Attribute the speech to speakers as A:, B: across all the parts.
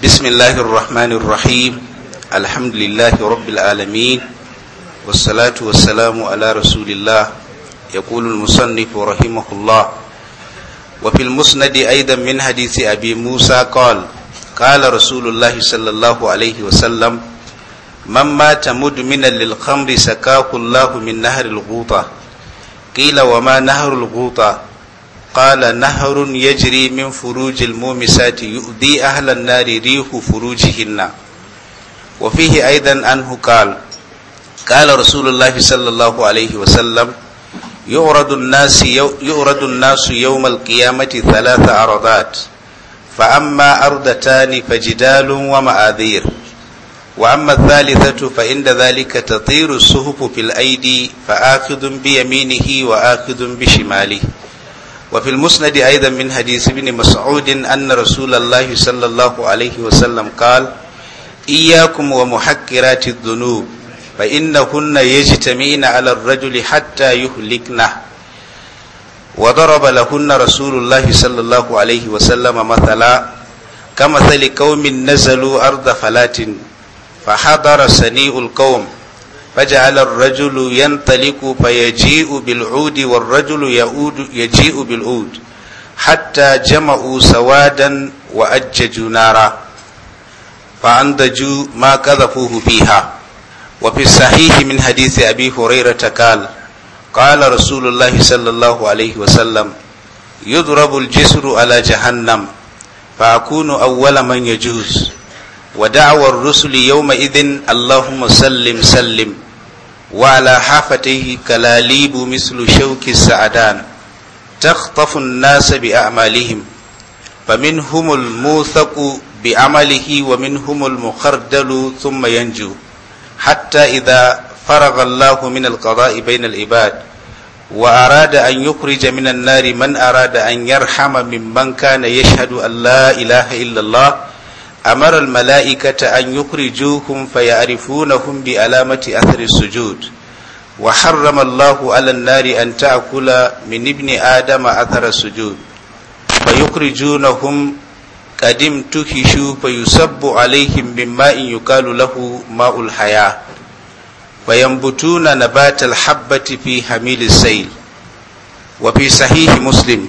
A: بسم الله الرحمن الرحيم الحمد لله رب العالمين والصلاة والسلام على رسول الله يقول المصنف رحمه الله وفي المسند أيضا من حديث أبي موسى قال قال رسول الله صلى الله عليه وسلم من مات مدمنا للخمر سكاه الله من نهر الغوطة قيل وما نهر الغوطة قال نهر يجري من فروج المومسات يؤذي أهل النار ريح فروجهن وفيه أيضا أنه قال قال رسول الله صلى الله عليه وسلم يعرض الناس يعرض الناس يوم القيامة ثلاث عرضات فأما أرضتان فجدال ومآذير وأما الثالثة فإن ذلك تطير الصحف في الأيدي فآخذ بيمينه وآخذ بشماله وفي المسند أيضا من حديث ابن مسعود أن رسول الله صلى الله عليه وسلم قال إياكم ومحكرات الذنوب فإنهن يجتمعن على الرجل حتى يهلكنه وضرب لهن رسول الله صلى الله عليه وسلم مثلا كمثل قوم نزلوا أرض فلات فحضر سنيء القوم فجعل الرجل ينطلق فيجيء بالعود والرجل يعود يجيء بالعود حتى جمعوا سوادا وأججوا نارا فأنضجوا ما قذفوه فيها وفي الصحيح من حديث أبي هريرة قال قال رسول الله صلى الله عليه وسلم يضرب الجسر على جهنم فأكون أول من يجوز ودعوى الرسل يومئذ اللهم سلم سلم وعلى حافتيه كلاليب مثل شوك السعدان تخطف الناس بأعمالهم فمنهم الموثق بعمله ومنهم المخردل ثم ينجو حتى إذا فرغ الله من القضاء بين العباد وأراد أن يخرج من النار من أراد أن يرحم ممن كان يشهد أن لا إله إلا الله A marar mala'ikata an yukhrijukum fayarifunahum bi alamati athari sujud wa harrama Allahu 'ala an-nari an ta'kula min ibni adama athara sujud fayukhrijunahum qadim tuhishu fayusabbu 'alayhim bimma'in yuqalu lahu ma'ul haya fayambutuna nabatal habbati fi hamilis sayl wa fi sahihi muslim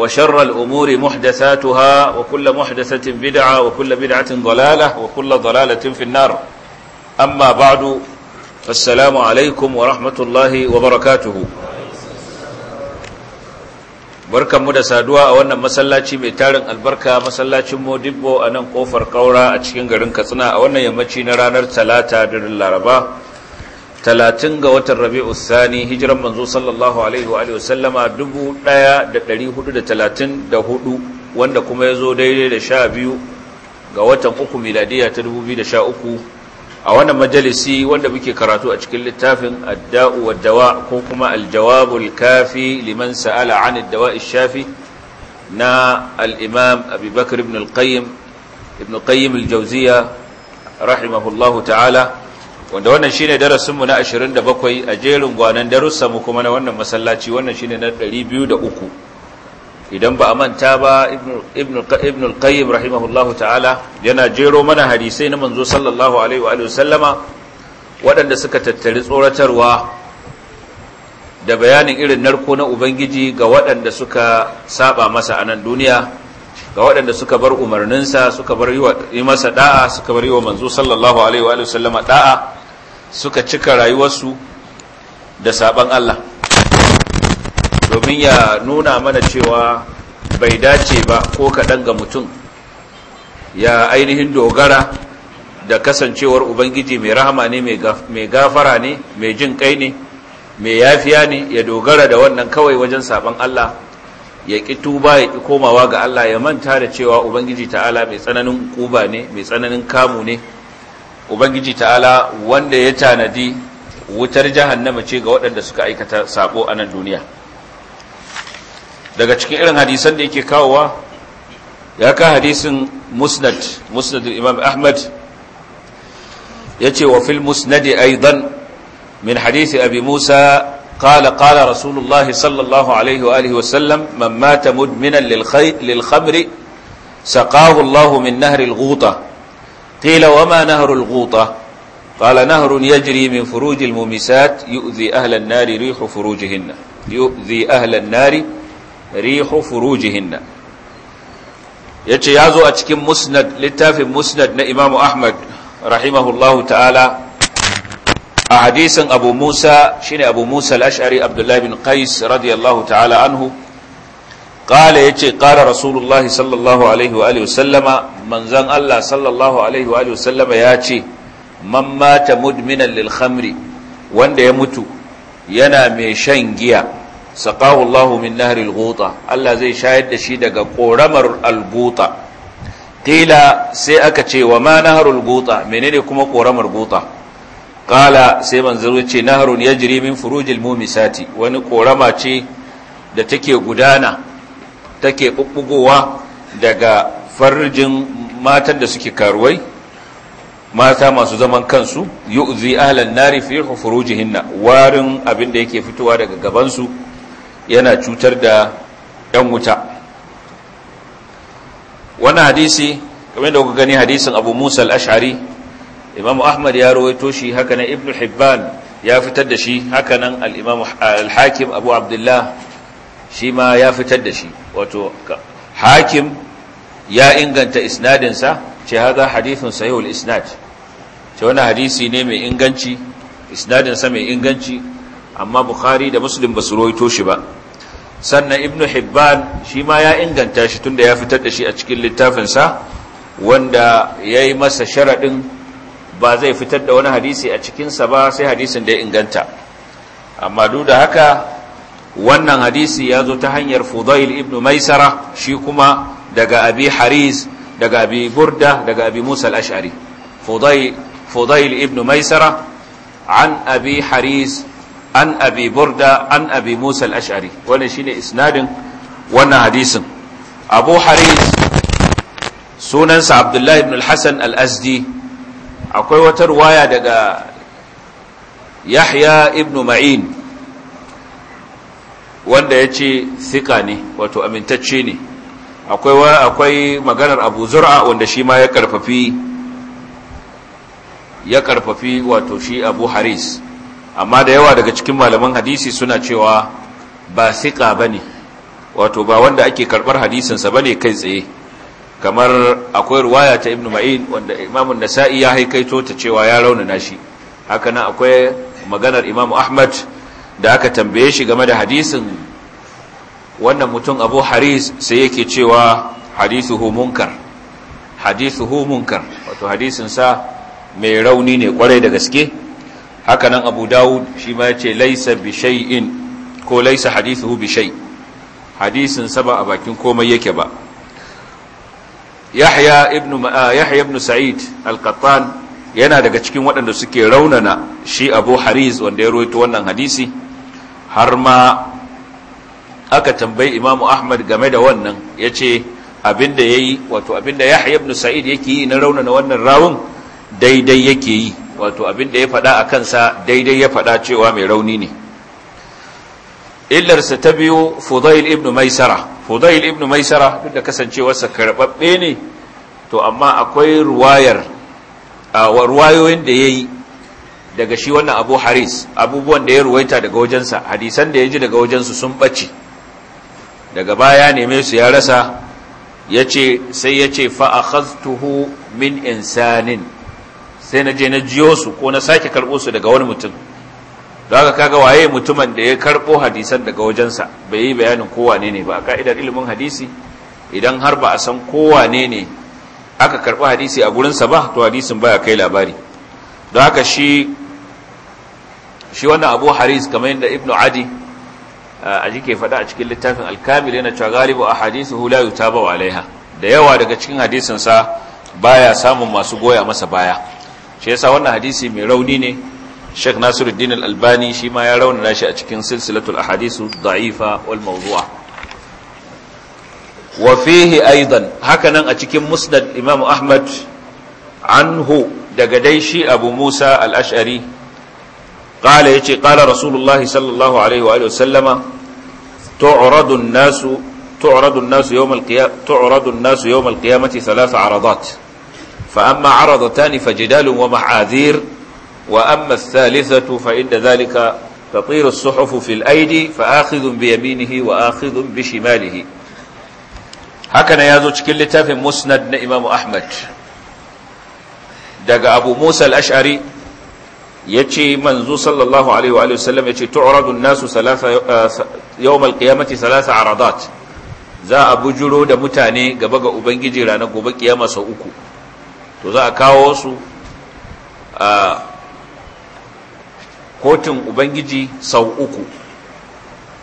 B: وشر الأمور محدثاتها وكل محدثة بدعة وكل بدعة ضلالة وكل ضلالة في النار أما بعد فالسلام عليكم ورحمة الله وبركاته بركة مدى سادوا وانا مسلاتي ميتارن البركة مسلاتي مودبو أنا قوفر قورا أتشكين غرن كتنا وانا يمتشي نرانر ثلاثة در الله رباه talatin ga watan rabi'u sani hijiran manzo sallallahu alaihi wa alihi wasallama hudu wanda kuma ya zo daidai da sha biyu ga watan uku miladiya ta 2013 a wannan majalisi wanda muke karatu a cikin littafin adda'u wa dawa ko kuma aljawabul kafi liman sa'ala an ad shafi na al-imam abubakar ibn al-qayyim ibn qayyim al-jawziya rahimahullahu ta'ala wanda wannan shine darasin mu na 27 a jerin gwanan darussan mu kuma na wannan masallaci wannan shine na 203 idan ba a manta ba ibn ibn al-qayyim rahimahullahu ta'ala yana jero mana hadisai na manzo sallallahu alaihi wa sallama waɗanda suka tattari tsoratarwa da bayanin irin narko na ubangiji ga waɗanda suka saba masa a nan duniya ga waɗanda suka bar umarninsa suka bar yi masa da'a suka bar yi wa manzo sallallahu alaihi wa sallama da'a suka cika rayuwarsu da saban Allah domin ya nuna mana cewa bai dace ba ko kaɗan ga mutum ya ainihin dogara da kasancewar ubangiji mai rahama ne mai gafara ne mai jin kai ne mai yafiya ne ya dogara da wannan kawai wajen saban Allah ya ƙi tuba ya ƙi komawa ga Allah ya manta da cewa Ubangiji ta'ala mai tsananin ƙuba ne mai tsananin kamu ne ubangiji ta'ala wanda ya tanadi wutar jahannama ce ga waɗanda suka aikata sabo a nan duniya daga cikin irin hadisan da yake kawowa ya ka hadisin musnad musnad imam ahmad ya ce wa fil musnadi aidan min hadisi abi musa قال قال رسول الله صلى الله عليه وآله وسلم من مات مدمنا للخمر سقاه الله من نهر قيل wama na الغوطة قال نهر يجري من فروج المومسات يؤذي أهل النار ريح فروجهن يؤذي أهل النار ريح yace ya zo a cikin musnad littafin musnad na imamu ahmad rahimahullahu ta'ala a hadisin abu musa shine abu musa al-ash'ari abdullahi bin qais radiyallahu ta'ala anhu qala yace qala rasulullahi sallallahu alaihi wa alihi sallama manzon Allah sallallahu alaihi wa alihi sallama yace man mata mudminan lil khamri wanda ya mutu yana mai shan giya saqahu Allah min nahril ghuta Allah zai shayar da shi daga ƙoramar al-ghuta qila sai aka ce wa ma nahrul ghuta menene kuma ƙoramar ghuta Ƙala sai manzaro ce naharun ya jiri min mumi sati wani ƙorama ce da take gudana take bubbugowa daga farjin matan da suke karuwai mata masu zaman kansu yu'zi ahlan nari fi furujihinna warin abin da yake fitowa daga gabansu yana cutar da yan wuta wannan hadisi kamar da kuka gani hadisin Abu Musa al-Ash'ari Imam Ahmad ya rawaito shi haka nan Ibn Hibban ya fitar da shi haka nan al-Imam al-Hakim Abu Abdullah shi ma ya fitar da shi wato hakim ya inganta isnadinsa ce haza hadithun sahihul isnad ce wani hadisi ne mai inganci isnadinsa mai inganci amma bukhari da muslim ba su roito shi ba sannan ibn hibban shi ma ya inganta shi tunda ya fitar da shi a cikin littafinsa wanda ya yi masa sharaɗin ba zai fitar da wani hadisi a cikinsa ba sai hadisin da ya inganta amma duk da haka wannan hadisi ya zo ta hanyar fudail ibn maisara shi kuma daga abi haris daga abi burda daga abi musa al-ash'ari fudail ibn maisara an abi haris an abi burda an abi musa al-ash'ari wannan shine isnadin wannan hadisin abu haris sunansa abdullahi ibn al-hasan al-azdi akwai wata ruwaya daga yahya ibn ma'in wanda ya ce sika ne wato amintacce ne akwai akwai maganar abu zura wanda shi ma ya karfafi ya karfafi wato shi abu haris amma da yawa daga cikin malaman hadisi suna cewa ba sika ba ne wato ba wanda ake karbar hadisinsa ba ne kai tsaye kamar akwai ruwaya ta ibn ma'in wanda imamun nasa'i ya haikaito ta cewa ya raunana shi hakanan akwai maganar imamu ahmad da aka tambaye shi game da hadisin wannan mutum abu haris sai yake cewa hadisu munkar hadisu munkar wato hadisinsa mai rauni ne kwarai da gaske hakanan abu dawud shi ma ya ce laisa bi ko laisa hadisu bi shay' hadisinsa ba a bakin komai yake ba ah, yahya ibn sa'id al-qattan yana daga cikin waɗanda suke raunana shi abu haris wanda ya rawaito wannan hadisi har ma aka tambayi imamu ahmad game da wannan ya ce abinda ya yi wato abinda yahya ibn sa'id yake yi na raunana wannan rawun daidai yake yi wato abinda ya faɗa a kansa daidai ya faɗa cewa mai rauni ne illarsa ta biyu fudail ibn maisara fudail ibn maisara duk da kasancewarsa karɓaɓɓe ne to amma akwai ruwayar a ruwayoyin da ya yi daga shi wannan abu haris abubuwan da ya ruwaita daga wajensa hadisan da ya ji daga wajensu sun ɓace daga baya neme su ya rasa ya ce sai ya ce fa'akhastuhu min insanin sai na je na jiyo su ko na sake karɓo su daga wani mutum da haka kaga waye mutumin da ya karɓo hadisan daga wajensa bai yi bayanin kowane ne ba a ka'idar ilimin hadisi idan har ba a san kowane ne aka karɓi hadisi a gurinsa ba to hadisin baya kai labari Da haka shi shi wannan abu haris kamar yadda ibnu adi a jike faɗa a cikin littafin alkamil yana cewa galibu a hadisu hula yuta ba alaiha da yawa daga cikin hadisinsa baya samun masu goya masa baya shi yasa wannan hadisi mai rauni ne Sheikh Nasiruddin Al-Albani shi ma ya na shi a cikin silsilatul ahadisu da'ifa wal mawdu'a wa fihi aidan hakanan a cikin musnad Imam Ahmad anhu daga dai shi Abu Musa Al-Ash'ari qala yace qala rasulullah sallallahu alaihi wa sallama tu'radu an-nasu tu'radu an-nasu yawm al-qiyamah tu'radu an-nasu yawm al-qiyamati thalath aradat fa amma aradatan fajidalun wa ma'adhir wa amma fa inda dhalika تطير الصحف في الأيدي فآخذ بيمينه وآخذ بشماله هكذا يازو تشكل في مسند إمام أحمد دق أبو موسى الأشعري yace manzo sallallahu alaihi wa alihi wasallam yace tu'radu nasu salasa uh, yawm al-qiyamati salasa aradat za a bujuro da mutane gaba ga ubangiji ranar gobe kiyama sau uku to za a kawo su a kotun ubangiji sau uku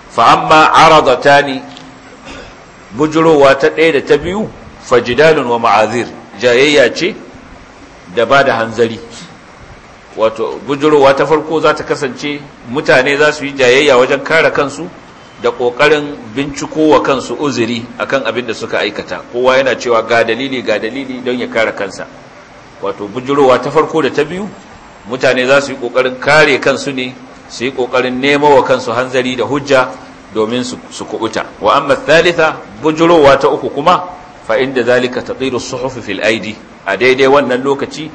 B: fa amma aradatani bujurowa ta ɗaya da ta biyu fajidalun wa ma'azir jayayya ce da ba da hanzari wato bujurowa ta farko za ta kasance mutane za su yi jayayya wajen kare kansu da ƙoƙarin binciko wa kansu uzuri akan abin da suka aikata kowa yana cewa ga dalili ga dalili don ya kare kansa wato bujurowa ta farko da ta biyu mutane za su yi ƙoƙarin kare kansu ne su yi ƙoƙarin nema wa kansu hanzari da hujja domin su kuɓuta wa amma thalitha bujurowa ta uku kuma fa inda zalika tatiru suhuf fil aidi a daidai wannan lokaci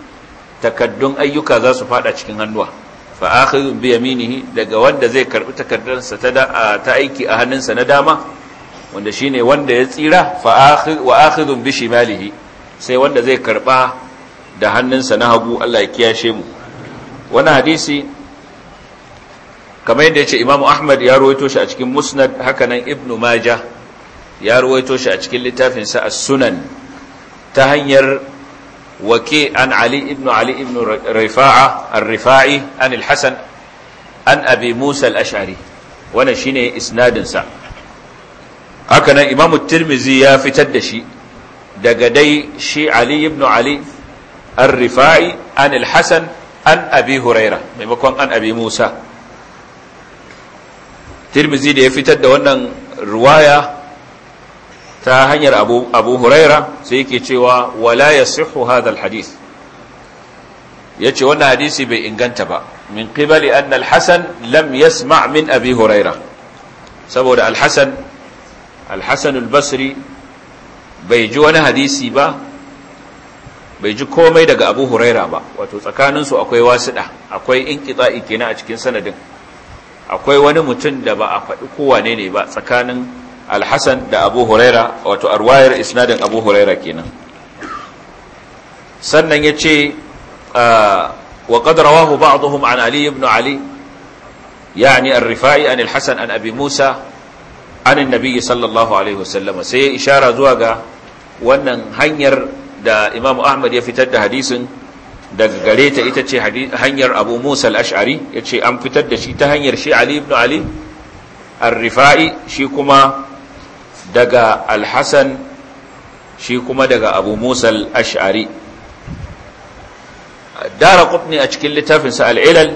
B: takaddun ayyuka za su fada cikin hannuwa fa akhidhu bi yaminihi daga wanda zai karbi takardarsa ta ta aiki a hannunsa na dama wanda shine wanda ya tsira fa akhidh wa akhidhu bi shimalihi sai wanda zai karba da hannunsa na hagu Allah ya kiyashe mu wannan hadisi kamar yadda yace Imam Ahmad ya rawaito shi a cikin Musnad hakanan Ibn Majah ya rawaito shi a cikin littafin sa As-Sunan ta hanyar وكي عن علي بن علي بن رفاعة الرفاعي عن الحسن عن أبي موسى الأشعري وانا شيني إسناد سا هكذا إمام الترمذي يا فتدشي دقدي شي علي بن علي الرفاعي عن الحسن عن أبي هريرة ميمكن عن أبي موسى ترمذي ده يفتد وانا رواية ta hanyar abu, abu huraira sai yake cewa wala ya sihu hadal hadith ya ce wannan hadisi bai inganta ba min qibali an alhassan lam yasma min abi huraira saboda alhassan alhassan albasri bai ji wani hadisi ba bai ji komai daga abu huraira ba wato tsakaninsu akwai wasuɗa akwai inkitsa'i kina a cikin sanadin akwai wani mutum da ba a faɗi kowane ne ba tsakanin alhassan da abu huraira wato arwayar isnadin abu huraira kenan sannan ya ce ah, wa qad rawahu ba'dhum an ali ibn ali yani ar-rifai an al an abi musa an annabi sallallahu alaihi wasallam sai ya ishara zuwa ga wannan hanyar da imamu ahmad ya fitar da hadisin daga gare ta ita ce hanyar abu musa al'ash'ari ya ce an fitar da shi ta hanyar shi ali ibn ali al shi kuma daga alhassan shi kuma daga abu musal ash'ari dara kutni a cikin littafinsa al'ilal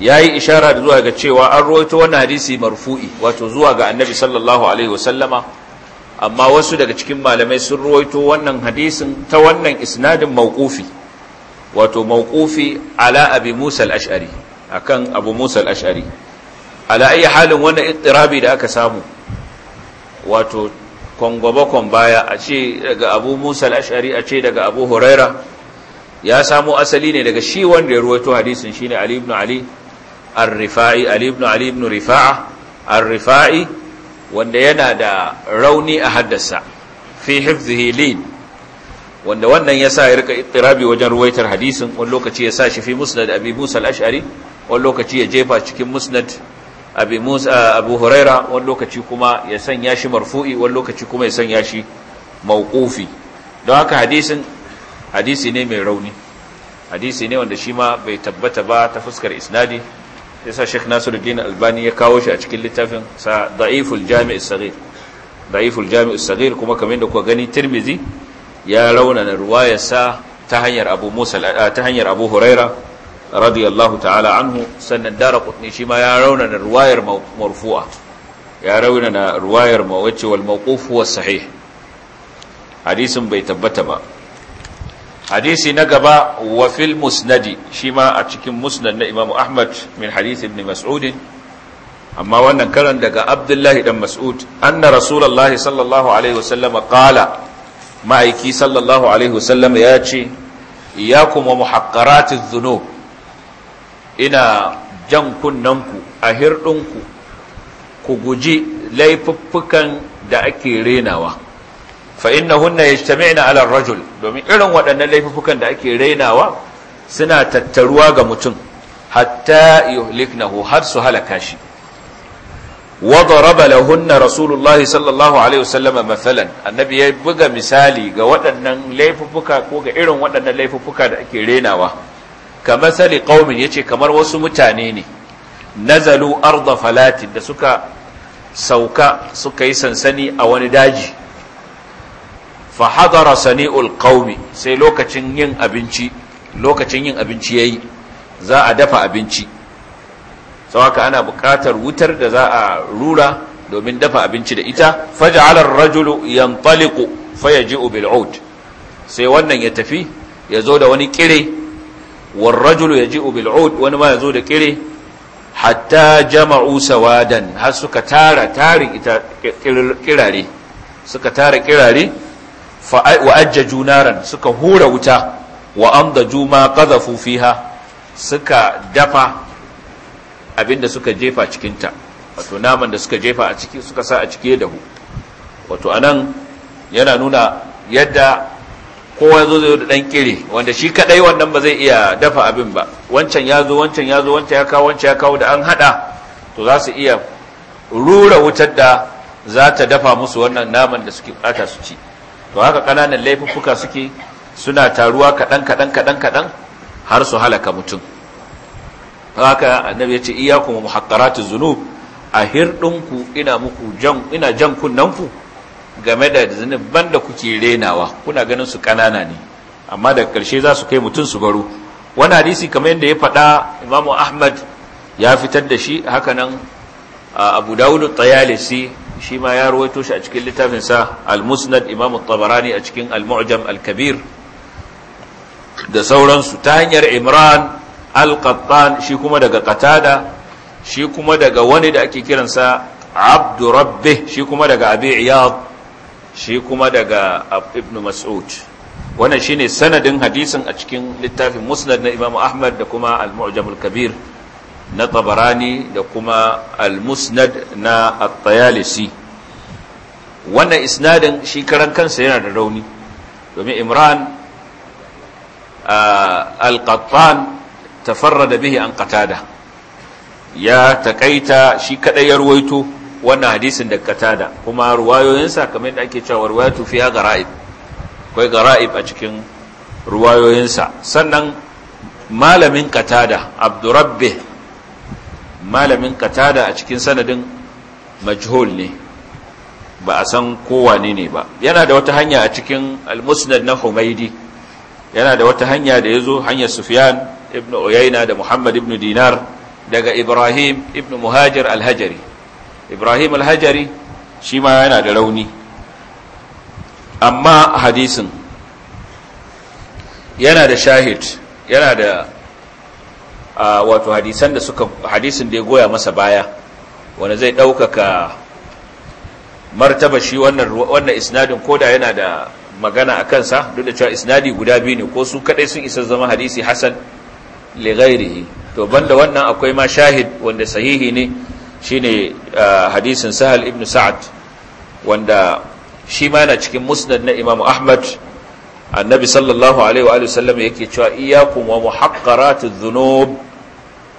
B: ya yi ishara da zuwa ga cewa an roito wani hadisi marfu'i wato zuwa ga annabi sallallahu alaihi wasallama amma wasu daga cikin malamai sun roito wannan hadisin ta wannan isnadin Mawkufi wato Mawkufi ala abi ashari akan abu Musal ashari ala ayi halin wannan ittirabi da aka samu wato kwangwabakon baya a ce daga abu musa al'ashari a ce daga abu huraira ya samo asali ne daga shi wanda ya ruwaito hadisin shi ne ali ibn ali al-rifa'i ali ibn ali ibn rifa'a al-rifa'i wanda yana da rauni a haddasa fi hifzihi lin wanda wannan ya sa ya rika ittirabi wajen ruwaitar hadisin wani lokaci ya sa shi fi musnad abi musa al-ash'ari wani lokaci ya jefa cikin musnad Eh, abu huraira wani lokaci kuma ya sanya shi marfu'i wani lokaci kuma ya sanya shi mauqufi don haka hadisin hadisi ne mai rauni hadisi ne wanda shi ma bai tabbata ba ta fuskar isnadi yasa Sheikh Nasiruddin Albani ya kawo shi a cikin littafin sa Da'iful Jami' as-Saghir Da'iful Jami' as kuma kamar da kuka gani tirmizi. ya ruwa ya sa ta hanyar Abu Musa eh, ta hanyar Abu Huraira radiyallahu ta'ala anhu sannan dara kutni shi ma ya raunana ruwayar marfu'a ya raunana ruwayar mawacce wal mawquf huwa sahih hadisin bai tabbata ba hadisi na gaba wa fil musnadi shi ma a cikin musnad na imamu ahmad min hadisi ibn mas'ud amma wannan karan daga abdullahi dan mas'ud anna rasulullahi sallallahu alaihi wasallam qala ma'aiki sallallahu alaihi wasallam ya ce iyakum wa muhaqqaratiz dhunub ina jan kunnanku a hirɗinku ku guji laifuffukan da ake renawa fa innahunna yajtami'na 'ala ar-rajul domin irin waɗannan laifuffukan da ake renawa suna tattaruwa ga mutum hatta yuhliknahu har su halaka shi wa daraba lahunna rasulullah sallallahu alaihi wasallam mathalan annabi ya buga misali ga waɗannan laifuffuka ko ga irin waɗannan laifuffuka da ake renawa kamar qaumin yace ya ce kamar wasu mutane ne nazalu arda falatin da suka sauka suka yi sansani a wani daji fa hadara sani'ul qaumi sai lokacin yin abinci lokacin yin abinci yayi za a dafa abinci sawaka ana buƙatar wutar da za a rura domin dafa abinci da ita faj'ala ar-rajulu yantaliqu fayaji'u bil sai wannan ya tafi ya zo da wani kire wal ya yaji'u bil wani ma yazo da kire hatta jama'u sawadan har suka tara tarin ita kirare suka tara kirare suka hura wuta wa amdaju ma qadhafu fiha suka dafa abinda suka jefa cikinta wato naman da suka jefa a ciki suka sa a ciki da hu wato anan yana nuna yadda kowa ya zo zai da dan kire wanda shi kadai wannan ba zai iya dafa abin ba wancan ya zo wancan ya zo wancan ya kawo wancan ya kawo da an haɗa to za su iya rura wutar da za ta dafa musu wannan naman da suke ɓata su ci to haka ƙananan laifuffuka suke suna taruwa kaɗan kadan kadan kadan har su halaka mutum haka annabi ya ce iyyakum muhaqqaratuz zunub a hirdinku ina muku jan ina jan kunnanku game da zunuban banda kuke renawa kuna ganin su kanana ne amma da karshe za su kai mutum su baro wani hadisi kamar yadda ya faɗa imamu ahmad ya fitar da shi hakanan abu dawudu tayalisi shi ma ya ruwaito shi a cikin littafinsa al-musnad imamu tabarani a cikin al-mu'jam al-kabir da sauransu ta hanyar imran al-qattan shi kuma daga qatada shi kuma daga wani da ake kiransa Abdu Rabbe shi kuma daga abi iyad shi kuma daga ibnu mas'ud wannan shine sanadin hadisin a cikin littafin musnad na imam ahmad da kuma al-mu'jam al-kabir na tabarani da kuma al-musnad na at-tayalisi wannan isnadin shi karan kansa yana da rauni domin imran al-qattan tafarrada bihi an qatada ya takaita shi kadai ya ruwaito wannan hadisin da katada kuma ruwayoyinsa kamar yadda ake cewa ruwayatu fiha gara'ib akwai gara'ib a cikin ruwayoyinsa sannan malamin katada abdurabbi malamin katada a cikin sanadin majhul ne ba a san kowane ne ba yana da wata hanya a cikin almusnad na humaidi yana da wata hanya da ya zo hanyar sufyan ibn uyaina da muhammad ibn dinar daga ibrahim ibn muhajir alhajari ibrahim alhajari shi ma yana da rauni amma hadisin yana da shahid yana da wato hadisan da suka hadisin da ya goya masa baya wanda zai ɗaukaka martaba shi wannan wannan isnadin koda yana da magana a kansa duk da cewa isnadi guda biyu ne ko su kadai sun isa zama hadisi Hassan li ghairihi to banda wannan akwai ma shahid wanda sahihi ne shine uh, hadisin sahal ibn sa'ad wanda shi ma yana cikin musnad na imam ahmad annabi sallallahu alaihi wa sallam yake cewa iyyakum wa muhaqqaratiz dhunub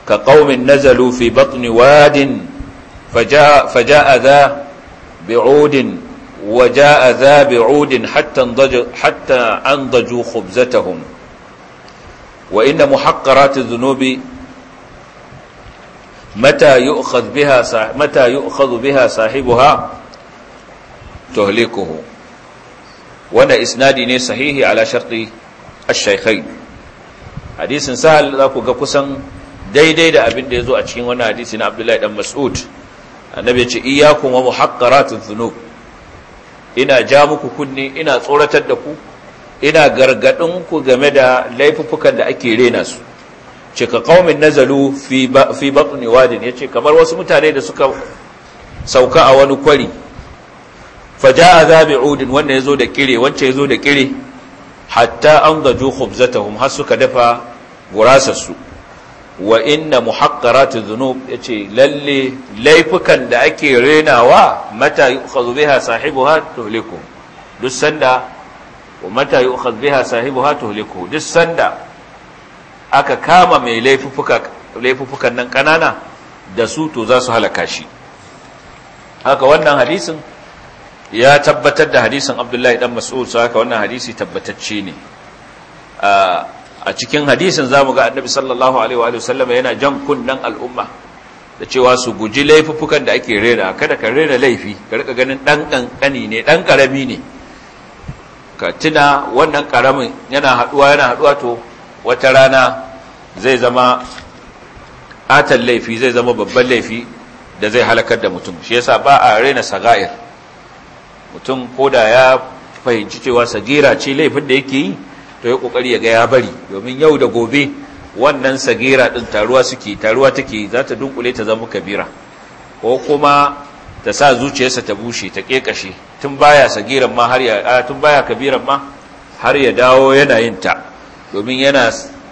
B: ka qaumin nazalu fi batni wadin faja'a faja'a dha bi'udin wa ja'a dha bi'udin hatta andaju hatta andaju khubzatahum wa inna muhaqqaratiz dhunubi mata yu'khadhu biha mata yu'khadhu biha sahibuha tuhlikuhu wannan isnadi ne sahihi ala sharti ash hadisin sahal za ku ga kusan daidai da abin da zo a cikin wannan hadisi na Abdullahi dan Mas'ud annabi ya ce iyyakum wa muhaqqaratun dhunub ina ja muku kunni ina tsoratar da ku ina gargadin ku game da laifuffukan da ake rena su ce ka qaumin nazalu fi fi batni ya ce. kamar wasu mutane da suka sauka a wani kwari faja'a zabi'udin wanda zo da kire ya yazo da kire hatta an andaju khubzatahum har suka dafa gurasar su wa inna zunub. Ya yace lalle laifukan da ake renawa mata yu'khadhu biha ha tuhliku duk sanda tuhliku duk sanda aka kama mai laifuffukan nan kanana da su to za su halaka shi haka wannan hadisin ya tabbatar da hadisin abdullahi dan mas'ud su haka wannan hadisi tabbatacce ne a cikin hadisin za mu ga annabi sallallahu alaihi wa sallam yana jan kunnen al'umma da cewa su guji laifuffukan da ake rera kada ka rera laifi ka rika ganin ɗan kankani ne ɗan ƙarami ne ka tuna wannan ƙaramin yana haɗuwa yana haɗuwa to wata rana zai zama atan laifi zai zama babban laifi da zai halakar da mutum shi yasa ba a raina saga'ir mutum ko da ya fahimci cewa sagira ce laifin da yake yi to ya kokari ya ga ya bari domin yau da gobe wannan sagira din taruwa suke taruwa take za ta dunkule ta zama kabira ko kuma ta sa zuciyarsa ta bushe ta kekashe tun baya sagiran ma har ya tun baya kabiran ma har ya dawo yana yin ta domin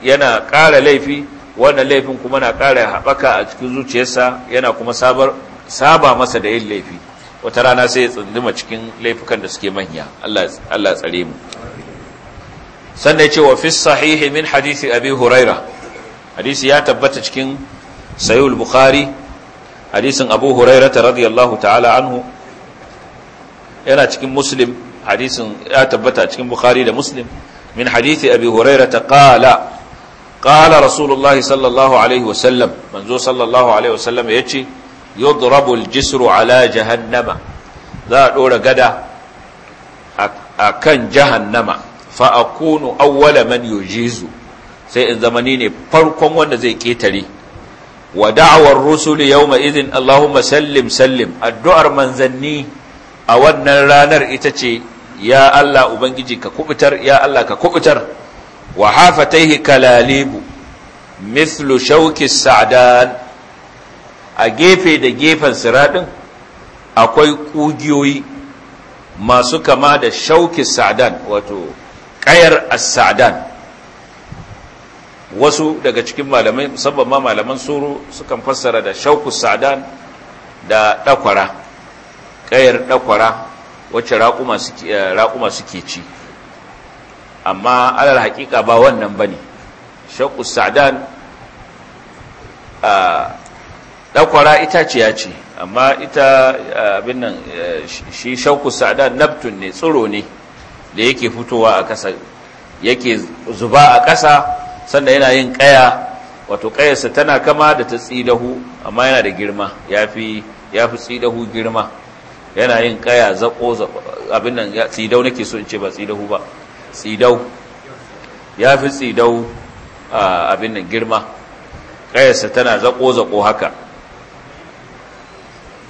B: yana ƙara laifi wannan laifin kuma na ƙara haɓaka a cikin zuciyarsa yana kuma saba masa da yin laifi wata rana sai ya tsunduma cikin laifukan da suke manya Allah tsare mu sannan ya ce wa fi sahihi min hadisi abi huraira hadisi ya tabbata cikin sayul bukhari hadisin abu huraira ta radiyallahu ta'ala anhu yana cikin muslim hadisin ya tabbata cikin bukhari da muslim min hadithi abi hurairata qala Ƙala rasulullah sallallahu alaihi wasallam manzo sallallahu alaihi wasallam yace yudrabu al-jisru ala jahannama za a dora gada akan jahannama fa akunu awwala man yujizu sai in zamani ne farkon wanda zai ƙetare. wa da'awar rusuli yauma izin. Allahuma sallim sallim addu'ar manzanni a wannan ranar ita ce ya Allah ubangiji ka kubutar ya Allah ka kubutar wa hafataihi kalalibu mithlu shauki sa'dan a gefe da gefen siradin akwai kugiyoyi masu kama da shauki sa'dan wato kayar as-sa'dan wasu daga cikin malamai musamman ma malaman suru sukan fassara da shauku sa'dan da dakwara kayar dakwara wacce eh, raƙuma suke ci amma alal haƙiƙa ba wannan ba ne shakku sa'adan ah, ɗakwara itaciya ce amma ita eh, abin nan eh, shi shakku sa'adan naftun ne tsiro ne da yake fitowa a ƙasa yake zuba a ƙasa sannan yana yin ƙaya wato ƙayarsa tana kama da ta tsidahu amma yana da girma ya fi tsidahu girma yana yin kaya zaƙo abin nan tsidau nake so in ce ba tsidahu ba tsidau ya fi tsidau abin nan girma kayarsa tana zaƙo-zaƙo haka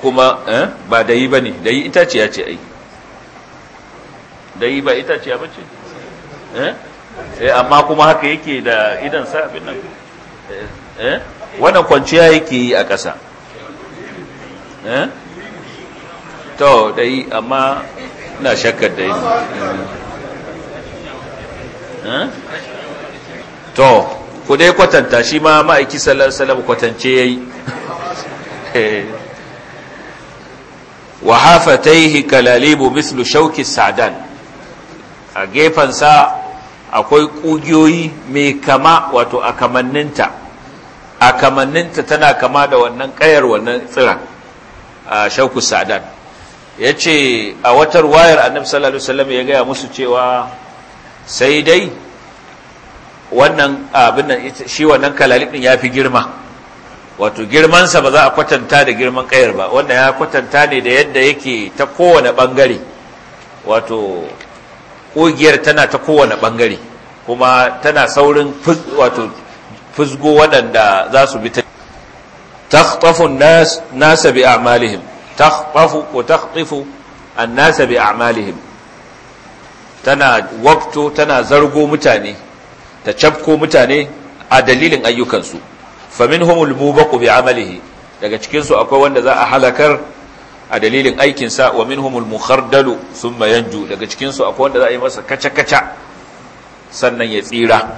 B: kuma eh, ba da yi ba ne da yi ita ce ai da yi ba itaciya ba ce eh? eh amma kuma haka yake da idan sa abin nan eh, eh wannan kwanciya yake yi a ƙasa eh to dai amma na shakkar dai hmm. eh? to ku dai kwatanta shi ma ma'aiki sallar salam kwatance yayi eh. wa yi kalalibu mislu shauki sa'dan a gefansa akwai kugiyoyi mai kama wato a kamanninta a kamanninta tana kama da wannan kayar wannan tsira. a shauku sa'dan ya ce a watar wayar annabi sallallahu alaihi wasallam ya gaya musu cewa sai dai wannan abin nan shi wannan kalalib din fi girma wato girmansa ba za a kwatanta da girman kayar ba wanda ya kwatanta ne da yadda yake ta kowane bangare wato ƙugiyar tana ta kowane bangare kuma tana saurin wato fusgo waɗanda za su bi ta takhtafun nas nasa bi a'malihim takhtafu wa takhtifu an-nas bi a'malihim tana waqto tana zargo mutane ta cafko mutane a dalilin ayyukansu faminhumul bi daga cikinsu akwai wanda za a halakar a dalilin aikinsa wa minhumul mukhardalu thumma yanju daga cikinsu akwai wanda za a yi masa kaca-kaca sannan ya tsira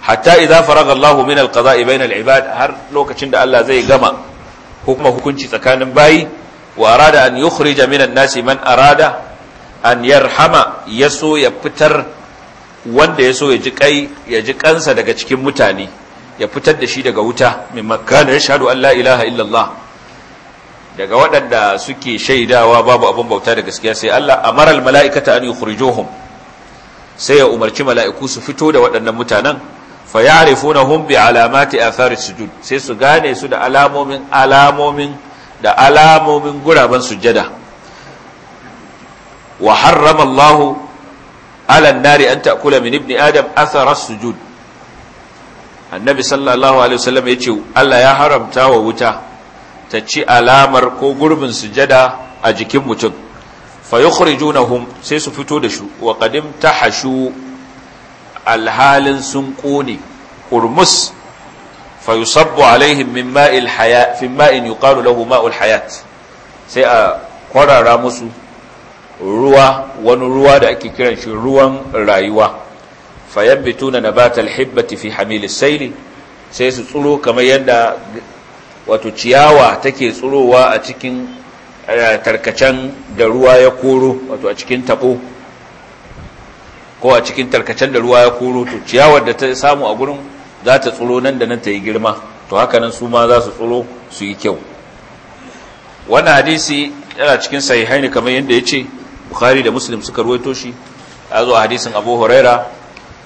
B: hatta idza faraga Allah min alqada'i bayna al-ibad har lokacin da Allah zai gama hukuma hukunci tsakanin bayi wa arada an yukhrija minan nasi man arada an yarhama yaso ya fitar wanda ya ji ya ji kansa daga cikin mutane ya fitar da shi daga wuta min makkana yashhadu an la ilaha illallah daga waɗanda suke shaidawa babu abun bauta da gaskiya sai Allah amaral mala'ikata an yukhrijuhum sai ya umarci mala'iku su fito da waɗannan mutanen fa ya'rifunahum bi alamati athari sujud sai su gane su da alamomin alamomin da alamomin guraben sujjada wa harrama Allah nari an ta'kula min ibni adam athara sujud annabi sallallahu alaihi wasallam yace Allah ya haramta wa wuta ta ci alamar ko gurbin sujjada a jikin mutum fa hum, sai su fito da shu wa qadim tahashu alhalin sun kone kurmus fa yusabbu alaihim min ma'il hayat fi ma'in yuqalu lahu ma'ul sai a kwarara musu ruwa wani ruwa da ake kiran shi ruwan rayuwa fayabbituna nabatal hibbati fi hamil sayli sai su tsuro kamar yadda wato ciyawa take tsurowa a cikin eh, tarkacen da ruwa ya koro wato a cikin tabo ko a cikin tarkacen da ruwa ya koro to ciyawar da ta samu a gurin za ta tsoro nan da nan ta yi girma to haka nan su ma za su tsoro su yi kyau Wani hadisi yana cikin haini kamar yadda ya ce bukhari da muslim suka ruwaito shi ya zo a hadisin abu huraira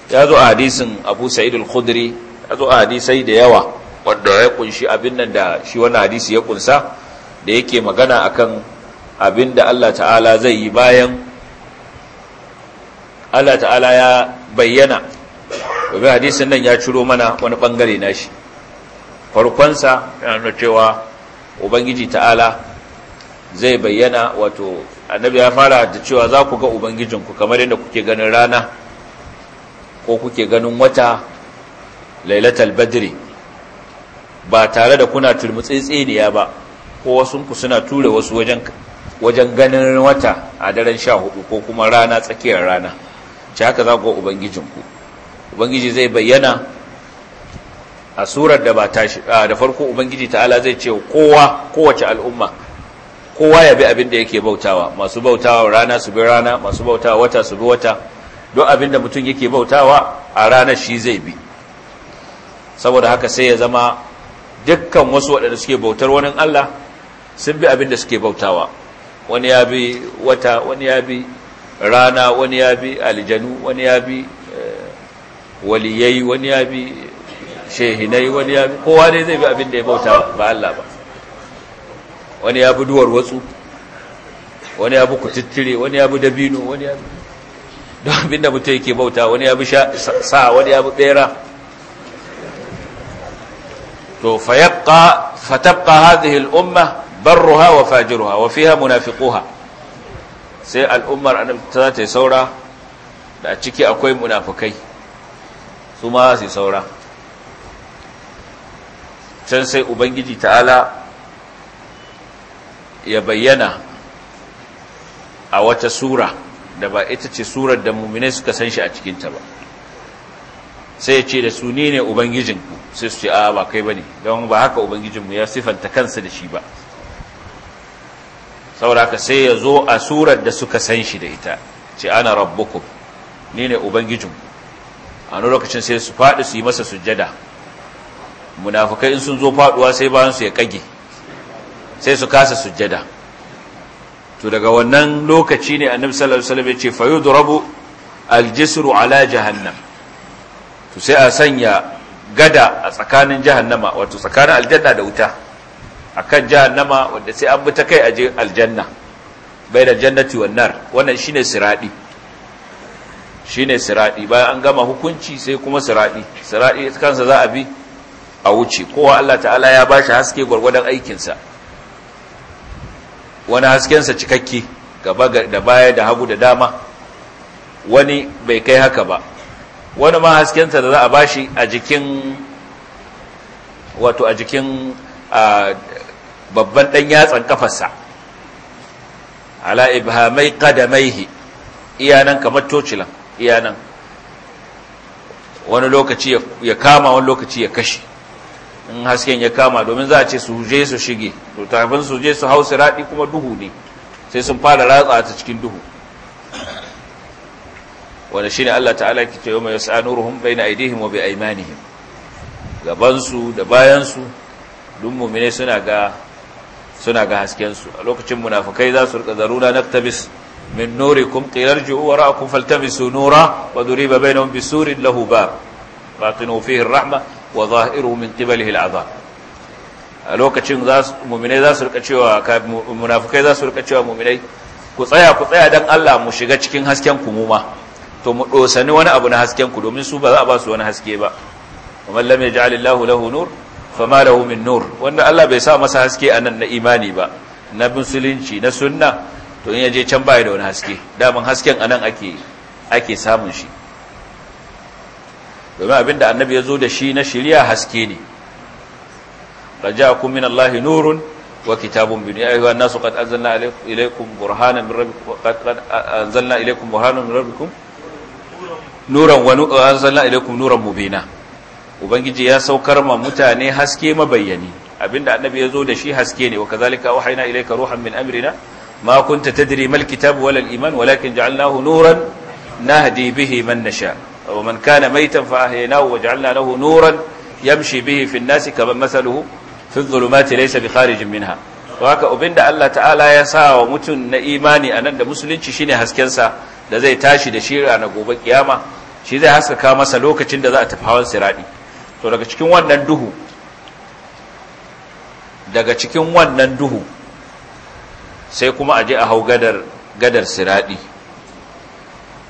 B: ya zo a hadisin abu sa'idul khudri ya zo a hadisai da yawa wanda ya kunshi abin nan da shi wani hadisi ya kunsa da yake magana akan abin da Allah ta'ala zai yi bayan Allah ta'ala ya bayyana domin hadisin nan ya ciro mana wani bangare na shi. farkonsa yana nuna cewa ubangiji ta'ala zai bayyana wato annabi ya fara da cewa za ku ga ubangijinku kamar yadda kuke ganin rana ko kuke ganin wata lailatul badri ba tare da kuna turmutsitsiniya ba ko wasunku suna ture wasu wajen wajen ganin wata a daren sha hudu ko kuma rana tsakiyar rana ci haka za ku ga ubangijinku ubangiji zai bayyana a surar da ba tashi da farko ubangiji ta'ala zai ce kowa kowace al'umma kowa ya bi abin da yake bautawa masu bautawa rana su bi rana masu bautawa wata su bi wata don abin da mutum yake bautawa a ranar shi zai bi saboda haka sai ya zama dukkan wasu waɗanda suke bautar wani Allah sun bi abin da suke bautawa wani ya bi wata wani ya bi rana wani ya bi aljanu wani ya bi waliyai wani ya bi shehinai wani ya bi kowa ne zai bi abin da ya bauta ba Allah ba wani ya bi duwar watsu wani ya bi kututtire wani ya bi dabino wani ya bi don abin da mutum yake bauta wani ya bi sa wani ya bi bera to fayabqa fatabqa hadhihi al-umma barruha wa fajiruha wa fiha munafiquha sai al'ummar annabi ta ta saura da ciki akwai munafikai su ma su saura can sai ubangiji ta'ala ya bayyana a wata sura da ba ita ce surar da mummune suka san shi a cikinta ba sai ya ce da su ni ne ku sai su ce a ba kai ba ne don ba haka ubangijinmu ya siffanta kansa da shi ba sauraka sai ya zo a surar da suka san shi da ita ce ana rabbukum ni ne ku. a lokacin sai su faɗi su yi masa sujjada munafukai in sun zo faɗuwa sai bayan su ya kage sai su kasa sujjada to daga wannan lokaci ne annabi sallallahu alaihi wasallam ya ce fayudrabu aljisru ala jahannam to sai a sanya gada a tsakanin jahannama wato tsakanin aljanna da wuta akan jahannama wanda sai an bi ta kai aje aljanna bai da jannati wannan wannan shine siradi shine siradi bayan an gama hukunci sai kuma siradi siradi kansa za a bi a wuce kowa Allah ta'ala ya bashi haske gwargwadon aikinsa wani haskensa cikakke gaba da baya da hagu da dama wani bai kai haka ba wani ma haskensa da za a bashi a jikin wato a jikin babban dan yatsan kafarsa ala ibhamai qadamaihi iyanan kamar tocilan iya nan wani lokaci ya kama wani lokaci ya kashe in hasken ya kama domin za a ce su je su shige to tafin su je su hau siraɗi kuma duhu ne sai sun fara ratsa ta cikin duhu wanda ne Allah ta'ala ki ce yawma yas'anuruhum baina aydihim wa biaymanihim gaban su da bayan su duk mu'mine suna ga suna ga hasken a lokacin munafukai za su rika zaruna naktabis min nurikum qila irji'u wara'akum faltamisu nura wa duriba bainahum bisurin lahu bab batinuhu fihi ar-rahma wa a lokacin mu'minai za su rika cewa munafikai ku tsaya ku tsaya dan Allah mu shiga cikin hasken ku muma to mu dosani wani abu na hasken ku domin su ba za a ba wani haske ba ومن لم يجعل الله له نور فما له من نور wanda Allah bai sa masa haske nan na imani ba na musulunci na sunna to in yaje can baya da wani haske daman hasken anan ake ake samun shi domin abinda annabi ya zo da shi na shiriya haske ne raja'akum min Allahi nurun wa kitabun bin ya ayyuhan nasu qad anzalna ilaykum burhanan min rabbikum qad anzalna ilaykum burhanan min rabbikum nuran wa anzalna ilaykum nuran mubina ubangiji ya saukar ma mutane haske mabayyani abinda annabi ya zo da shi haske ne wa kazalika wahayna ilayka ruhan min amrina ma kunta tadri mal kitab wal iman walakin ja'alnahu nuran nahdi bihi man nasha wa man kana maytan fa ahyaynahu wa ja'alna lahu nuran yamshi bihi fi an-nas kama masaluhu fi adh-dhulumati laysa bi kharijin minha to ubinda Allah ta'ala ya sa wa mutum na imani anan da musulunci shine hasken sa da zai tashi da shira na gobe kiyama shi zai haskaka masa lokacin da za a tafi hawan siradi to daga cikin wannan duhu daga cikin wannan duhu sai kuma a je a hau gadar gadar siradi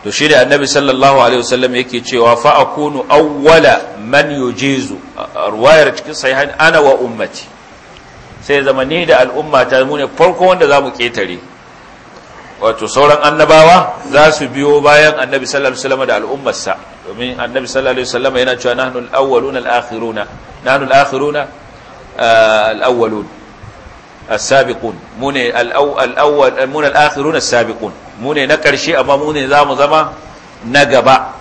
B: to shi da annabi sallallahu alaihi wasallam yake cewa fa akunu awwala man yujizu ruwayar cikin sahihan ana wa ummati sai zama ni da al'umma ta mu ne farko wanda za mu ketare wato sauran annabawa za su biyo bayan annabi sallallahu alaihi wasallam da al'ummarsa domin annabi sallallahu alaihi wasallam yana cewa nahnu al-awwaluna al-akhiruna nahnu al-akhiruna al-awwalun as-sabiqun mu ne al-awwal mu ne al-akhirun as-sabiqun mu ne na karshe amma mu ne zamu zama na gaba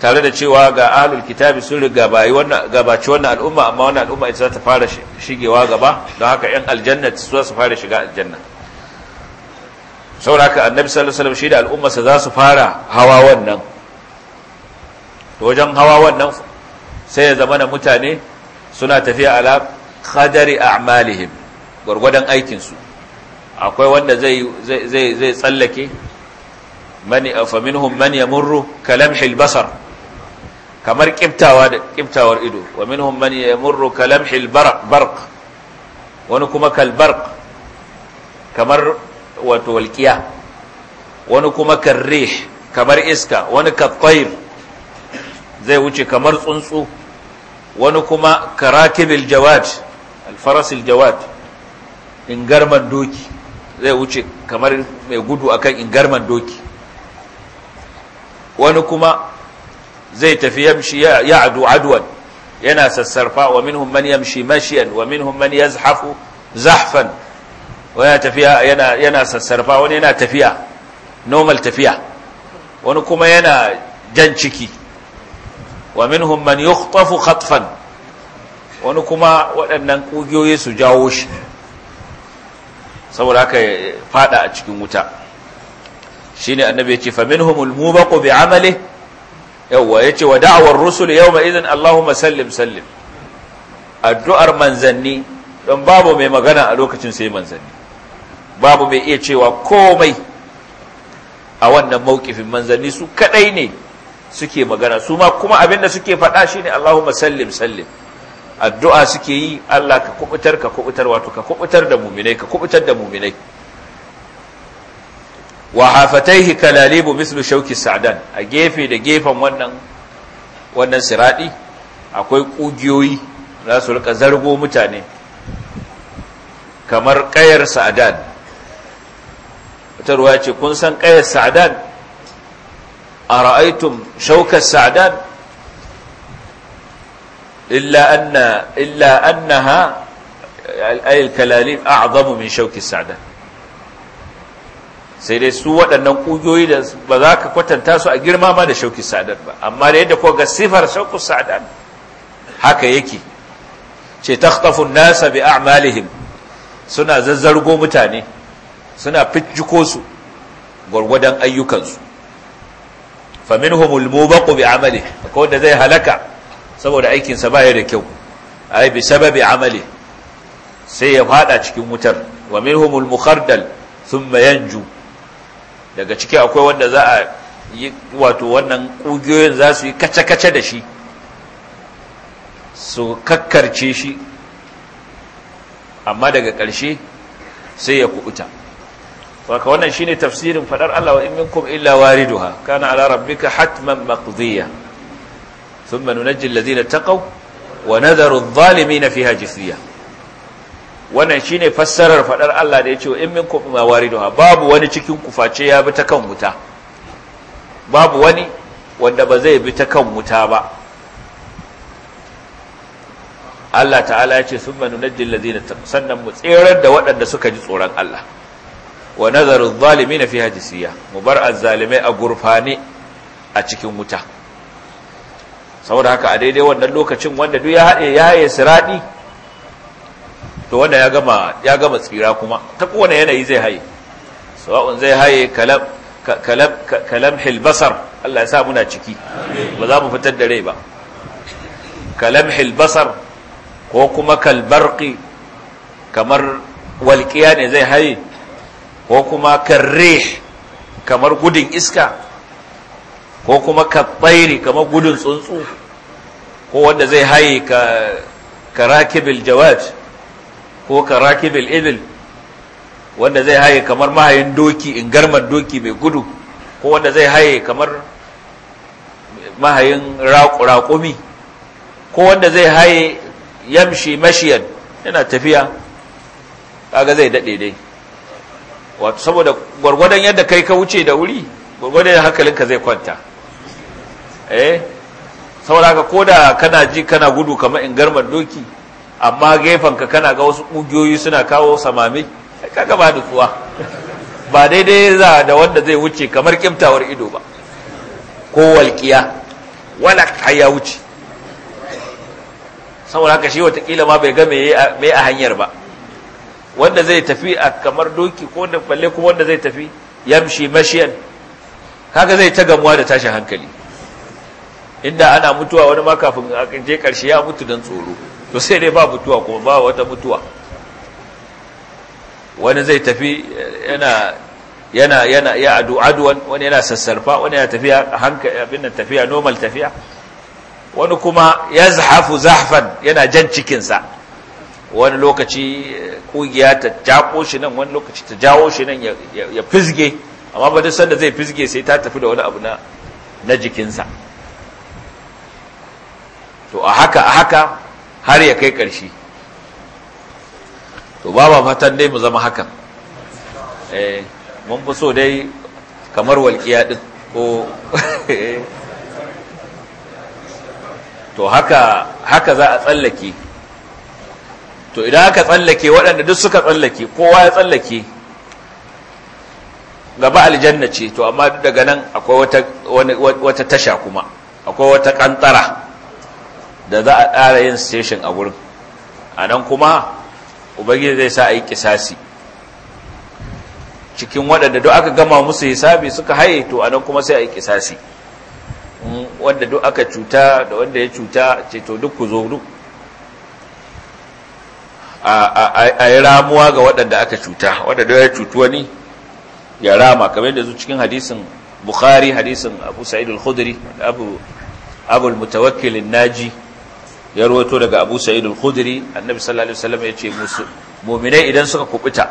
B: tare da cewa ga ahlul kitabi sun riga bayi wannan gabaci wannan al'umma amma wannan al'umma ita za ta fara shigewa gaba don haka yan aljanna su za su fara shiga aljanna saboda haka annabi sallallahu alaihi wasallam shi da al'ummarsa za su fara hawa wannan to wajen hawa wannan sai ya zama na mutane suna tafiya ala qadari a'malihim gurgurdan aikin aikinsu. akwai wanda zai zai zai tsallake man fa minhum man yamurru kalamhil basar kamar kiftawa kiftawar ido wa minhum man murru kalam hilbark. wani kuma kalbark kamar wato walqiya wani kuma karrih kamar iska wani kattair zai wuce kamar tsuntsu wani kuma Karakibil jawad alfarasil jawad ingarman doki zai wuce kamar mai gudu akan ingarman doki wani kuma zai tafi yamshi ya adu adwan yana sassarfa wa minhum man yamshi mashiyan wa minhum man yazhafu zahfan wani tafiya yana yana sassarfa wani yana tafiya normal tafiya wani kuma yana jan ciki wa minhum man yukhtafu katfan. wani kuma waɗannan ƙugiyoyi su jawo shi saboda haka fada a cikin wuta shine annabi ya ce faminhumul mubaqu bi amali yawa yace wa da'awar rusul mai izin allahumma sallim sallim addu'ar manzanni don babu mai magana a lokacin sai manzanni babu mai iya cewa komai a wannan mawqifin manzanni su kadai ne suke magana su ma kuma abinda suke faɗa shine allahumma sallim sallim addu'a suke yi Allah ka kubutar ka kubutar wato ka kubutar da muminai ka kubutar da muminai wa hafataihi kalalibu mislu shauki sa'dan a gefe da gefen wannan wannan siradi akwai kugiyoyi za su rika zargo mutane kamar kayar sa'dan wata ruwa kun san kayar sa'dan a ra'aitum shaukar sa'dan إلا أن إلا أنها أي الكلاليب أعظم من شوك السعدة sai dai su waɗannan ƙugiyoyi da ba za ka kwatanta su a girma ma da shauki sa'adar ba amma da yadda ko ga sifar shauku sa'adar haka yake ce takhtafu nasa bi a'malihim suna zazzargo mutane suna fitjiko su gwargwadon ayyukansu faminhumul mubaqu bi amalihi ko da zai halaka saboda aikinsa ba ya da kyau ai bi sababi amali sai ya fada cikin wutar wa minhumul mukhardal thumma yanju daga ciki akwai wanda za a yi wato wannan kugiyoyin za su yi kace-kace da shi su kakkarce shi amma daga ƙarshe sai ya kubuta waka wannan shine tafsirin faɗar Allah wa in minkum illa wariduha kana ala rabbika hatman maqdiya thumma nunajji allazina taqaw wa nadharu adh-dhalimina fiha jithiya wannan shine fassarar fadar Allah da yace in minkum ma wariduha babu wani cikin ku face ya bi ta kan wuta babu wani wanda ba zai bi ta kan wuta ba Allah ta'ala yace thumma nunajji allazina taqaw sannan mu tserar da waɗanda suka ji tsoron Allah wa nadharu adh-dhalimina fiha jithiya mubar adh-dhalimai a gurfane a cikin wuta saboda haka a daidai wannan lokacin wanda duk ya haɗe ya haye siradi to wanda ya gama tsira kuma ta kowane yanayi zai haye sawa'un zai haye kalam hilbasar Allah ya sa muna ciki ba za mu fitar da rai ba kalam hilbasar ko kuma kalbarqi kamar walƙiya ne zai haye ko kuma karrih kamar gudun iska ko kuma ka tsairi kamar gudun tsuntsu ko wanda zai haye ka karakibil jawaj ko karakibil ibil wanda zai haye kamar mahayin doki in garman doki mai gudu ko wanda zai haye kamar mahayin raƙumi ko wanda zai haye yamshi mashiyan yana tafiya kaga zai daɗe dai wato saboda gwargwadon yadda kai ka wuce da wuri gwargwadon hankalinka zai kwanta eh saboda ko da kana ji kana gudu kamar in garmar doki amma ka kana ga wasu ƙugiyoyi suna kawo samami kaga ba nutsuwa ba daidai za da wanda zai wuce kamar kimtawar ido ba ko walƙiya wala ya wuce saboda ka shi watakila ma bai ga mai a hanyar ba wanda zai tafi a kamar doki ko da balle kuma wanda zai tafi yamshi mashiyan kaga zai ta gamuwa da tashin hankali inda ana mutuwa wani ma kafin a je karshe ya mutu don tsoro to sai dai ba mutuwa kuma ba wata mutuwa wani zai tafi eh, yana yana yana ya adu aduwan wani yana sassarfa wani yana tafiya hankali abin nan tafiya normal tafiya wani kuma ya zahafu zahafan yana jan cikinsa wani lokaci kugiya eh, ta jako shi nan wani lokaci ta jawo shi nan ya fizge amma ba duk sanda zai fizge sai ta tafi da wani abu na jikinsa to a haka a haka har ya kai ƙarshe to ba ba fatan dai mu zama hakan eh mun fi so dai kamar walƙiya ɗin ko to haka haka za a tsallake to idan aka tsallake waɗanda duk suka tsallake kowa ya tsallake gaba aljanna ce to amma daga nan akwai wata tasha kuma akwai wata ƙantara da za a ƙara yin station a wurin a nan kuma ubangiji zai sa a yi kisasi cikin waɗanda duk aka gama musu hisabi suka haye to a nan kuma sai a yi kisasi wanda duk aka cuta da wanda ya cuta ce to duk ku zo duk a yi ramuwa ga waɗanda aka cuta duk ya cutu wani ya rama kamar yadda zu cikin hadisin bukhari hadisin abu sa'id al abu abul naji ya rawaito daga Abu Sa'id al-Khudri annabi sallallahu alaihi wasallam yace musu mu'minai idan suka kubuta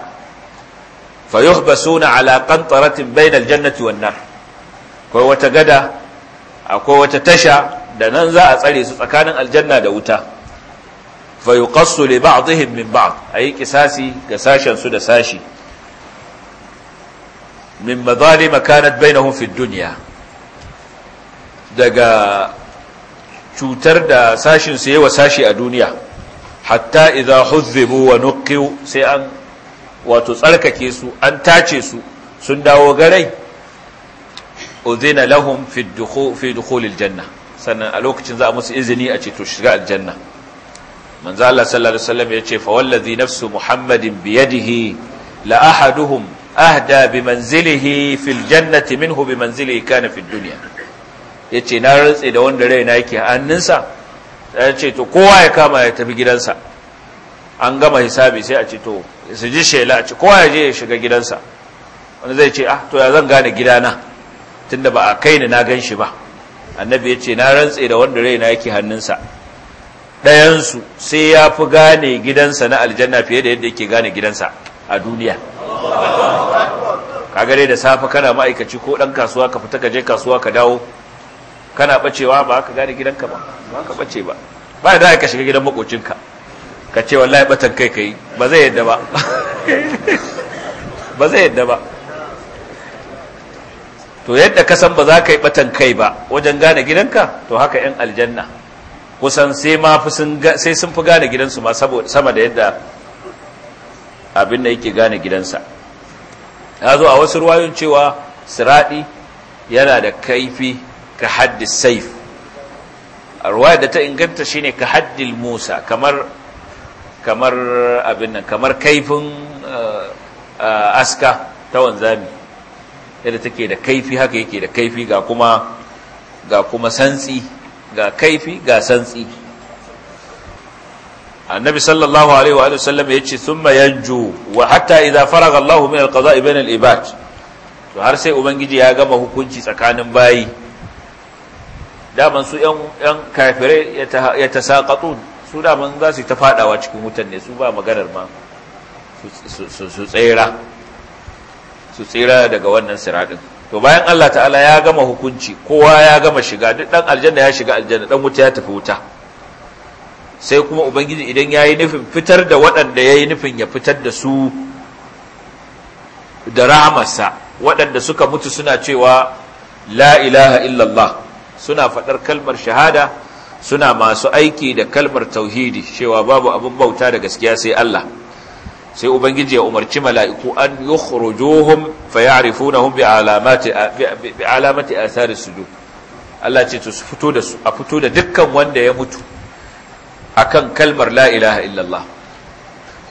B: fayuhbasuna ala qantaratin bayna al-jannati wan nar akwai wata gada akwai wata tasha da nan za a tsare su tsakanin aljanna da wuta fayuqassu li ba'dihim min ba'd ayi kisasi ga sashen su da sashi min madhalima kanat bainahum fi dunya daga cutar da sashin su yawa sashi a duniya hatta idza huzzibu wa nuqiu sai an wato tsarkake su an tace su sun dawo garai udhina lahum fi dukhul janna sannan a lokacin za a musu izini a ce to shiga aljanna manzo Allah sallallahu alaihi wasallam ce, fa wallazi nafsu muhammadin bi yadihi la ahaduhum ahda bi manzilihi fil jannati minhu bi manzilihi kana fid dunya ya ce na rantse da wanda raina yake hannunsa ya ce to kowa ya kama ya tafi gidansa an gama hisabi sai a ce to su ji shela a ce kowa ya je ya shiga gidansa wani zai ce ah to ya zan gane gidana tunda ba a kai ni na gan shi ba annabi ya ce na rantse da wanda raina yake hannunsa ɗayansu sai ya fi gane gidansa na aljanna fiye da yadda yake gane gidansa a duniya gare da safe kana ma'aikaci ko ɗan kasuwa ka fita ka je kasuwa ka dawo kana bacewa ba ka gane gidanka ba ba ka bace ba ba da ka shiga gidan makocinka ka ce wallahi batan kai kai ba zai yadda ba ba zai yadda ba to yadda ka san ba za ka yi batan kai ba wajen gane gidanka to haka yan aljanna kusan sai ma fi sun sai sun fi gane gidansu ma saboda sama da yadda abin da yake gane gidansa ya zo a wasu ruwayoyin cewa siradi yana da kaifi ka haddi saif a ruwaya da ta inganta shine ka haddil musa kamar kamar abin nan kamar kaifin eh, eh, aska ta wanzami yadda take da kaifi haka yake da kaifi ga kuma ga kuma santsi ga kaifi ga santsi annabi sallallahu alaihi wa sallam yace thumma yanju wa hatta idza faraga Allahu min al-qada'i bain al-ibad to har sai ubangiji ya gama hukunci tsakanin bayi daman su yan kafirai ya tasaqatu su daman za su ta fadawa cikin wutan ne su ba maganar ma su tsira su tsira daga wannan siradin to bayan Allah ta'ala ya gama hukunci kowa ya gama shiga duk dan aljanna ya shiga aljanna dan wuta ya tafi wuta sai kuma ubangiji idan ya yi nufin fitar da waɗanda ya yi nufin ya fitar da su da rahamarsa waɗanda suka mutu suna cewa la ilaha illallah suna faɗar kalmar shahada suna masu aiki da kalmar tauhidi cewa babu abin bauta da gaskiya sai Allah sai ubangiji ya umarci mala'iku an yukhrujuhum fayarifunahum bi alamati bi alamati athari sujud Allah ce to su fito da su a fito da dukkan wanda ya mutu akan kalmar la ilaha illallah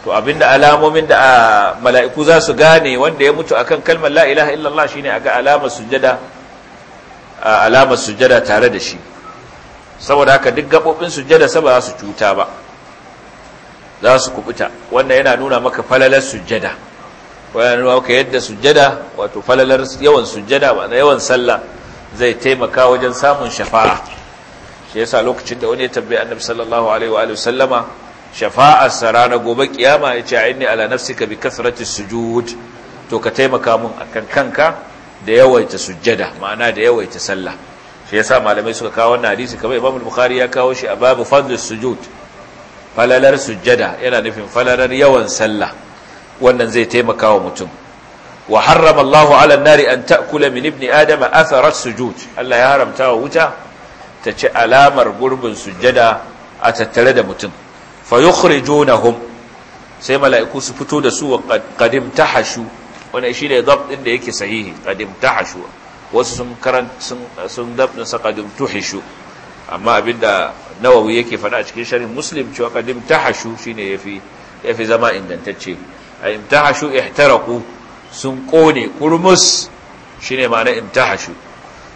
B: to abinda alamomin da mala'iku za su gane wanda ya mutu akan kalmar la ilaha illallah shine aga alamar sujada alamar sujada tare da shi saboda haka duk gaɓoɓin sujada sa ba za su cuta ba za su kubuta wannan yana nuna maka falalar sujada wannan nuna maka yadda sujada wato falalar yawan sujada ba na yawan sallah zai taimaka wajen samun shafa'a shi yasa lokacin da wani ya tambaye annabi sallallahu alaihi wa sallama shafa'ar sa ranar gobe kiyama ya ce inni ala ka bi kasratis sujud to ka taimaka mun akan kanka da yawaita sujjada ma'ana da yawaita sallah shi yasa malamai suka kawo wannan hadisi kamar Imam Bukhari ya kawo shi a babu fadlus sujud falalar sujjada yana nufin falalar yawan sallah wannan zai taimaka wa mutum wa harrama Allah ala nari an ta'kula min ibni adama atharat sujud Allah ya haramta wa wuta ta ci alamar gurbin sujjada a tattare da mutum fa yukhrijunahum sai mala'iku su fito da su wa qadim tahashu wani shi ne dab din da yake sahihi ta hashu wasu sun karan sun sun dab din sa qadim tuhishu amma abinda nawawi yake faɗa a cikin sharhin muslim cewa qadim shi shine yafi yafi zama ingantacce ay imtahashu ihtaraqu sun kone kurmus shine ma'ana imtahashu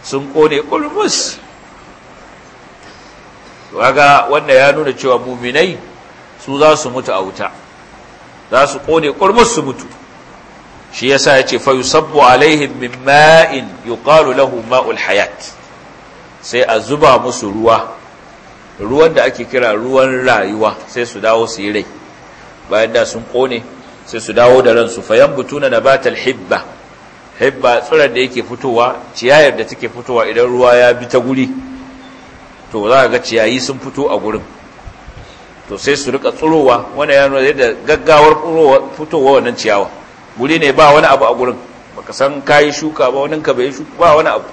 B: sun kone kurmus waga wanda ya nuna cewa muminai su za su mutu a wuta za su kone kurmus su mutu shi yasa ce fa sabbu alaihim min ma'in ƙalu lahu ma'ul hayat sai a zuba musu ruwa ruwan da ake kira ruwan rayuwa sai su dawo su yi rai bayan da sun ƙone sai su dawo da ransu fayan butuna na batal hibba hibba tsirar da yake fitowa ciyayar da take fitowa idan ruwa ya bi ta guri to za ga ciyayi sun fito a gurin to sai su rika tsirowa wani ya yadda gaggawar fitowa wannan ciyawa guri ne ba wani abu a gurin baka san kayi shuka ba wani ka bai shuka ba wani abu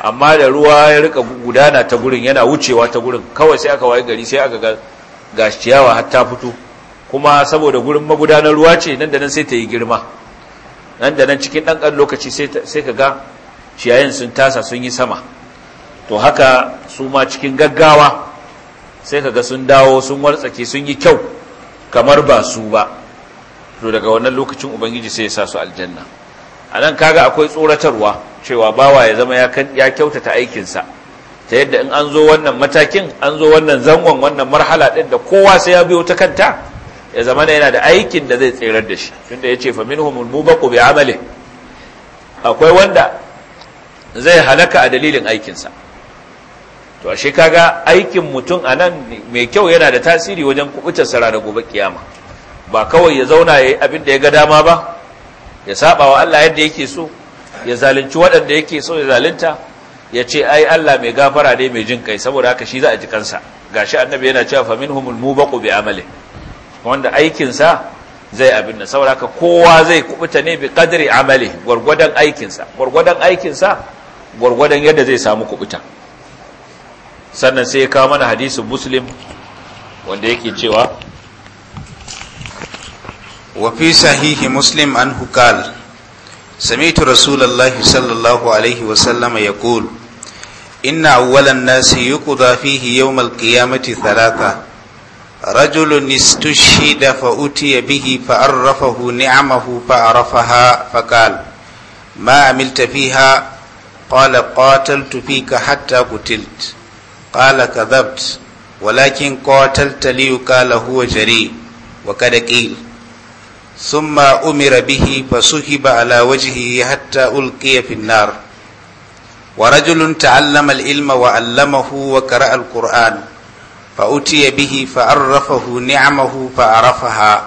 B: amma da ruwa ya rika gudana ta gurin yana wucewa ta gurin kawai sai aka waye gari sai aka ga gashi ciyawa har ta fito kuma saboda gurin magudanar ruwa ce nan da nan sai ta yi girma nan da nan cikin ɗan ɗan lokaci sai ka ga ciyayin sun tasa sun yi sama to haka su ma cikin gaggawa sai ka ga sun dawo sun wartsake sun yi kyau kamar ba su ba to daga wannan lokacin ubangiji sai ya sa su aljanna a nan kaga akwai tsoratarwa cewa bawa ya zama ya kyautata aikinsa ta yadda in an zo wannan matakin an zo wannan zangon wannan marhala ɗin da kowa sai ya biyo ta kanta ya zama yana da aikin da zai tserar da shi tunda ya ce fa minhumul mubaqu bi amali akwai wanda zai halaka a dalilin aikinsa to ashe kaga aikin mutum anan mai kyau yana da tasiri wajen kubutar sara da gobe kiyama ba kawai ya zauna ya yi abin da ya ga dama ba ya saba wa Allah yadda yake so ya zalunci waɗanda yake so ya zalunta ya ce ai Allah mai gafara ne mai jin kai saboda haka shi za a ji kansa gashi annabi yana cewa fa min mubaqu bi amali wanda aikin sa zai abin da saboda haka kowa zai kubuta ne bi qadri amali gurgudan aikin sa gurgudan aikin sa gurgudan yadda zai samu kubuta sannan sai
A: ya kawo mana hadisin muslim wanda yake cewa وفي صحيح مسلم عنه قال سمعت رسول الله صلى الله عليه وسلم يقول إن أول الناس يقضى فيه يوم القيامة ثلاثة رجل استشهد فأتي به فعرفه نعمه فعرفها فقال ما عملت فيها قال قاتلت فيك حتى قتلت قال كذبت ولكن قاتلت ليقال هو جريء وقد قيل ثم أمر به فسحب على وجهه حتى ألقي في النار ورجل تعلم العلم وعلمه وقرأ القرآن فأتي به فعرفه نعمه فعرفها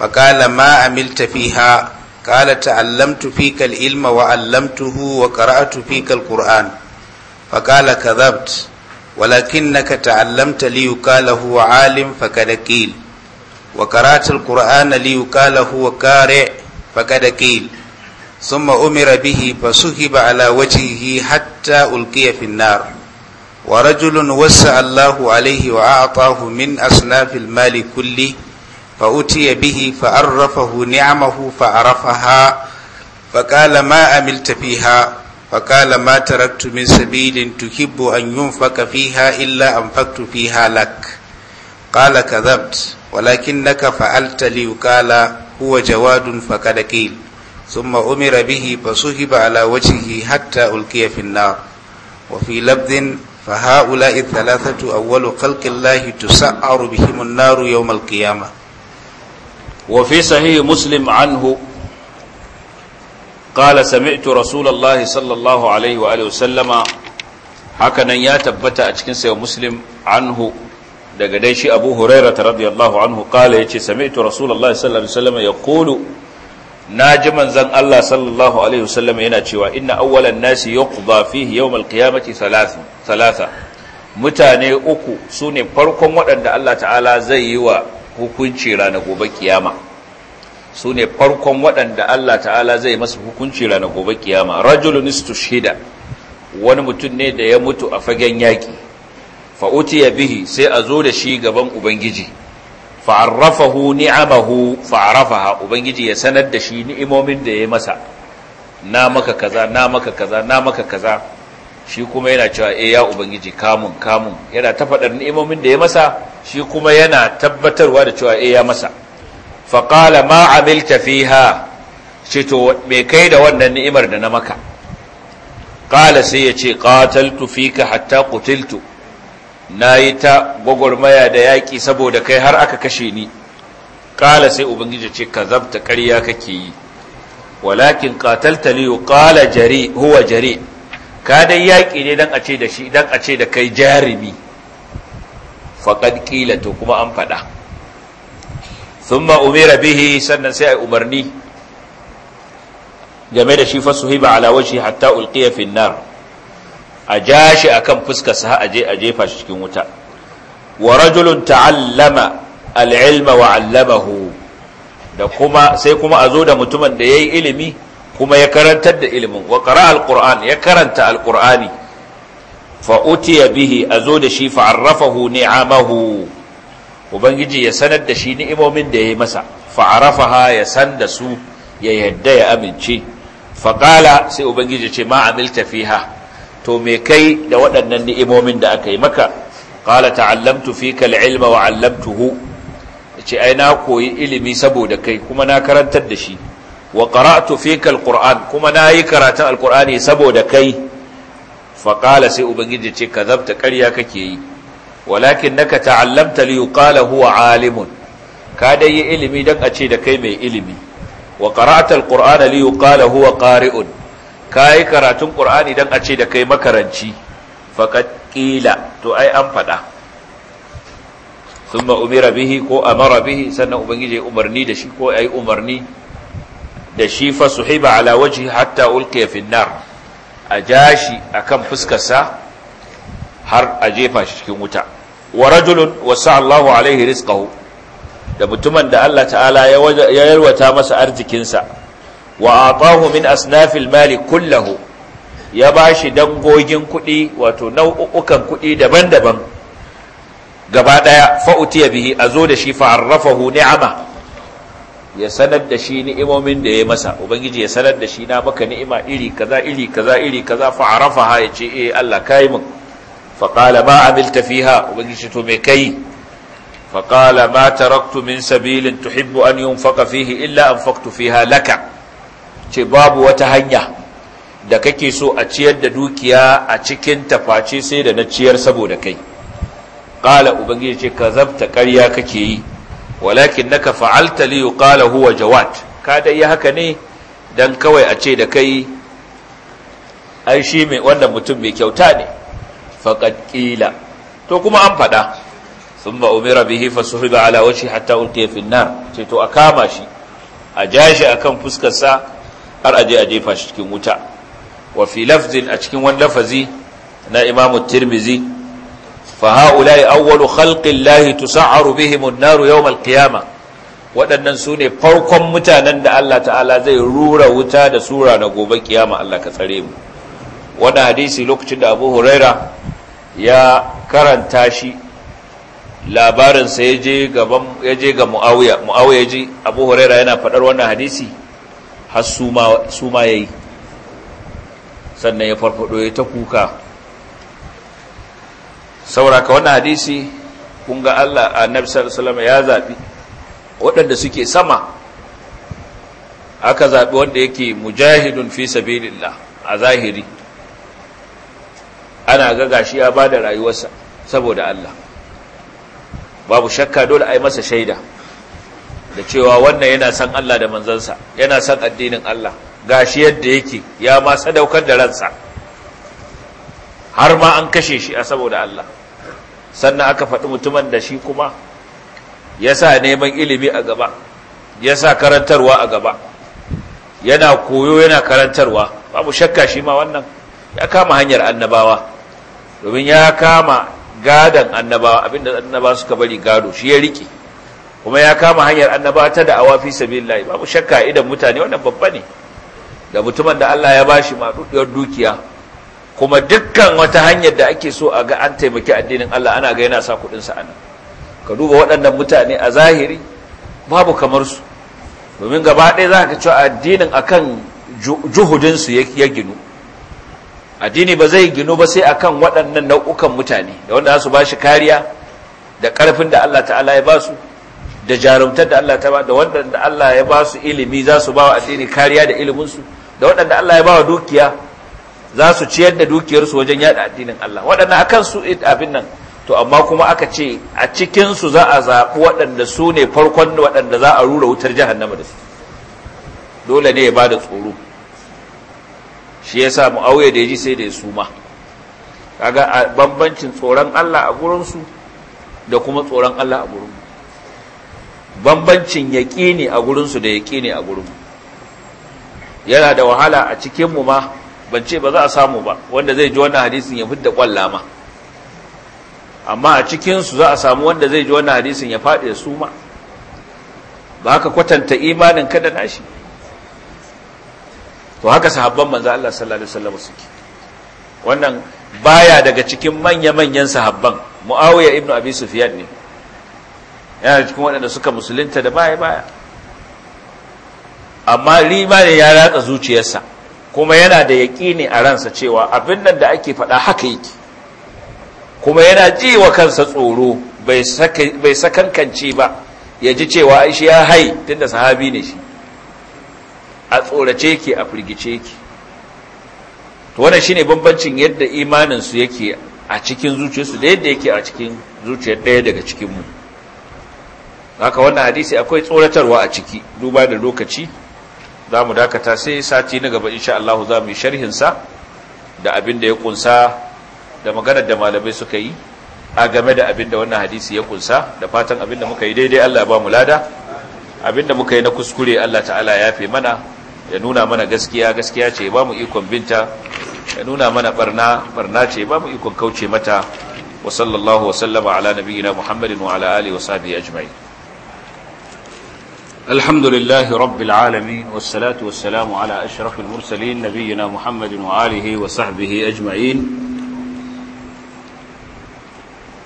A: فقال ما عملت فيها قال تعلمت فيك العلم وعلمته وقرأت فيك القرآن فقال كذبت ولكنك تعلمت ليقال هو عالم فقد قيل wa karatul qur'ana li yukala huwa kare faqad qil thumma umira bihi ba ala wajhihi hatta ulqiya fi an-nar wa rajulun wassa'a Allahu alayhi wa a'tahu min asnafil mali kulli fa utiya bihi fa arrafahu ni'amahu fa arafaha fa qala ma amilta fiha fa qala ma taraktu min sabilin tuhibbu an yunfaka fiha illa anfaqtu fiha lak qala kadhabt walakin naka fa'altali yuqala huwa jawadun faqad qil thumma umira bihi fasuhiba ala wajhihi hatta ulqiya fi an-nar wa fi labdhin fa ha'ula'i thalathatu awwalu khalqi Allah tus'aru bihim an-nar yawm al muslim anhu قال سمعت رسول
B: الله صلى الله عليه وآله وسلم هكذا يا تبت أتكن مسلم عنه daga dai shi abu huraira ta radiyallahu anhu kala ya ce sami sami'tu rasulallah sallallahu alaihi wasallam ya kulu na ji manzan Allah sallallahu alaihi wasallam yana cewa inna awwalan nasi yuqda fihi yawm alqiyamati thalatha mutane uku sune farkon waɗanda Allah ta'ala zai yi wa hukunci ranar gobe kiyama sune farkon waɗanda Allah ta'ala zai masa hukunci ranar gobe kiyama rajulun istushhida wani mutum ne da ya mutu a fagen yaki fa'utiya bihi sai a zo da shi gaban ubangiji fa'arrafahu ni'amahu fa'arafaha ubangiji ya sanar da shi ni'imomin da ya masa na maka kaza na maka kaza na maka kaza shi kuma yana cewa eh ya ubangiji kamun kamun yana ta faɗar ni'imomin da ya masa shi kuma yana tabbatarwa da cewa eh ya masa faqala ma amilta fiha ce to me kai da wannan ni'imar da na maka qala sai ya ce qataltu fika hatta qutiltu na yi ta gwagwarmaya da yaƙi saboda kai har aka kashe ni ƙala sai ubangiji ce ka zabta ƙarya kake yi walakin ƙatalta liyu ƙala jari huwa jari ka dai yaƙi ne don a ce da shi don a ce da kai jarumi faƙad ƙila to kuma an faɗa sun umira bihi sannan sai a umarni game da shi fasuhi ba alawar shi hatta ulƙiya finnar a ja shi akan fuskar sa a je a jefa shi cikin wuta wa rajulun ta'allama al'ilma wa 'allamahu da kuma sai kuma a zo da mutumin da yayi ilimi kuma ya karantar da ilimin wa qara al ya karanta al fautiya fa bihi a zo da shi fa ni'amahu ubangiji ya sanar da shi ni'imomin da ya yi masa fa ya san da su ya yadda ya amince Faƙala sai ubangiji ce ma amilta fiha to me kai da waɗannan ni'imomin da aka yi maka qala ta'allamtu fika al-ilma wa 'allamtuhu ce ai na koyi ilimi saboda kai kuma na karantar da shi wa qara'tu fika al-qur'an kuma na yi karatun al-qur'ani saboda kai fa qala sai ubangiji ce kazabta ƙarya kake yi walakin naka ta'allamta li yuqala huwa 'alimun ka dai yi ilimi dan a ce da kai mai ilimi wa qara'ta al-qur'ana li yuqala huwa qari'un ka yi karatun ƙur'ani don a ce da kai makaranci faƙat ƙila to ai an faɗa sun umira bihi ko amara bihi sannan ubangiji ya umarni da shi ko ya umarni da shi fa su hiba ala waji hatta ulke finnar a ja shi a kan fuskarsa har a jefa shi cikin wuta wa rajulun wasa Allahu alaihi rizqahu da mutumin da Allah ta'ala ya yalwata masa arzikinsa wa atahu min asnafil mali kullahu ya bashi dangogin kuɗi wato nau'ukan kuɗi daban-daban gaba ɗaya fa'utiya bihi a zo da shi fa'arrafahu ni'ama ya sanar da shi ni'imomin da ya masa ubangiji ya sanar da shi na maka ni'ima iri kaza iri kaza iri kaza fa'arrafaha ya ce eh Allah kai min fa qala ma amilta fiha ubangiji to me kai fa qala ma taraktu min sabilin tuhibbu an yunfaqa fihi illa anfaqtu fiha laka ce babu wata hanya da kake so a ciyar da dukiya a cikin tafaci sai da na ciyar saboda kai qala ubangiji ce ka kazabta ƙarya kake yi walakin naka fa'alta liyu ƙala huwa jawad ka dai haka ne Don kawai a ce da kai ai shi mai wannan mutum mai kyauta ne faƙaƙila to kuma an faɗa Sun ba umira bihi fasuhiba ala wajhi hatta ulke fi ce to a kama shi a jashi a kan fuskarsa. har aje a jefa shi cikin wuta wa fi lafzin a cikin wani lafazi na imamu tirmizi fa haula'i awwalu khalqin lahi tus'aru bihim an-nar yawm al-qiyamah waɗannan su ne farkon mutanen da Allah ta'ala zai rura wuta da sura na gobe kiyama Allah ka tsare mu wannan hadisi lokacin da Abu Huraira ya karanta shi labarin sa yaje gaban yaje ga Muawiya Muawiya ji Abu Huraira yana faɗar wannan hadisi har su ma ya yi sannan ya farfado ya ta kuka sauraka wannan hadisi kun ga Allah a nafisar salama ya zaɓi waɗanda suke sama aka zaɓi wanda yake mujahidun fi sabilillah a zahiri ana ga gashi ya ba da rayuwarsa saboda Allah babu shakka dole a yi masa shaida da cewa wannan yana san Allah da manzansa yana san addinin Allah ga shi yadda yake ya ma sadaukar da ransa har ma an kashe shi a saboda Allah sannan aka faɗi mutumin da shi kuma ya sa neman ilimi a gaba ya sa karantarwa a gaba yana koyo yana karantarwa babu shakka shi ma wannan ya kama hanyar annabawa domin ya kama gadon annabawa abinda annabawa suka bari gado shi ya riƙe kuma ya kama hanyar annaba ta da awafi sabilillah babu shakka idan mutane wannan babba ne da mutumin da Allah ya bashi madudiyar dukiya kuma dukkan wata hanyar da ake so a ga an taimaki addinin Allah ana ga yana sa kudin sa anan ka duba waɗannan mutane a zahiri babu kamar su domin gaba ɗaya za ka cewa addinin akan juhudin su ya ginu addini ba zai ginu ba sai akan waɗannan nau'ukan mutane da wanda za su bashi kariya da ƙarfin da Allah ta'ala ya ba su da jarumtar da Allah ta ba da waɗanda Allah ya ba su ilimi za su ba wa addini kariya da iliminsu da waɗanda Allah ya ba wa dukiya za su ciyar da dukiyarsu wajen yada addinin Allah waɗanda a su abin nan to amma kuma aka ce a cikinsu za a zaɓi waɗanda su ne farkon waɗanda za a rura wutar jahannama da su dole ne ya ba da tsoro shi ya sa mu'auye da ya ji sai da ya suma kaga bambancin tsoron Allah a gurinsu da kuma tsoron Allah a gurinmu bambancin yaƙini a gurinsu da yaƙini a gurinmu yana da wahala a cikinmu ma ban ce ba za a samu ba wanda zai ji wannan hadisin ya fidda ƙwalla ma amma a cikinsu za a samu wanda zai ji wannan hadisin ya faɗi da su ma ba haka kwatanta imanin ka da nashi to haka sahabban manzo Allah sallallahu alaihi wasallam suke wannan baya daga cikin manya-manyan sahabban muawiya ibnu abi sufyan ne yana cikin waɗanda suka musulunta da baya baya amma riba ne ya ratsa zuciyarsa kuma yana da yaƙi ne a ransa cewa abin nan da ake faɗa haka yake kuma yana ji wa kansa tsoro bai sakankance ba ya ji cewa aishi ya hai da sahabi ne shi a tsorace yake a firgice yake to wannan shine bambancin yadda imaninsu yake a cikin zuciyarsu da yadda yake a cikin zuciyar ɗaya daga cikinmu haka wannan hadisi akwai tsoratarwa a ciki duba da lokaci za mu dakata sai sati na gaba insha Allah za mu yi sharhinsa da abin da ya kunsa da maganar da malamai suka yi a game da abin da wannan hadisi ya kunsa da fatan abin da muka yi daidai Allah ba mu lada abin da muka yi na kuskure Allah ta'ala ya fi mana ya nuna mana gaskiya gaskiya ce ba mu ikon binta ya nuna mana barna barna ce ba mu ikon kauce mata wa sallallahu wa sallama ala nabiyina muhammadin wa ala alihi wa sahbihi ajma'in الحمد لله رب العالمين والصلاة والسلام على أشرف المرسلين نبينا محمد وآله وصحبه أجمعين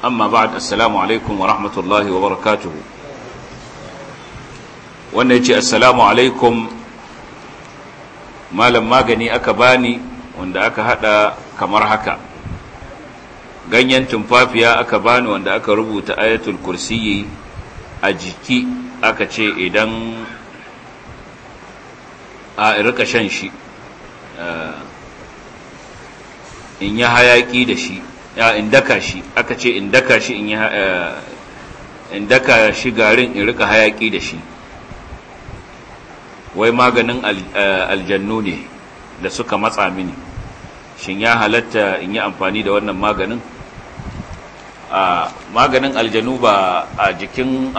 B: أما بعد السلام عليكم ورحمة الله وبركاته ونجي السلام عليكم ما لما جني أكباني وند أكهدا كمرهكا ganyen tumfafiya aka bani wanda aka rubuta ayatul kursiyi a jiki aka ce idan a rika shan shi eh, in yi hayaki da shi ya in daka shi aka ce in daka shi in eh, daka shi garin in rika hayaki da shi wai maganin eh, aljannu ne da suka matsa mini shin ya halatta in yi amfani da wannan maganin A maganin aljanu ba a jikin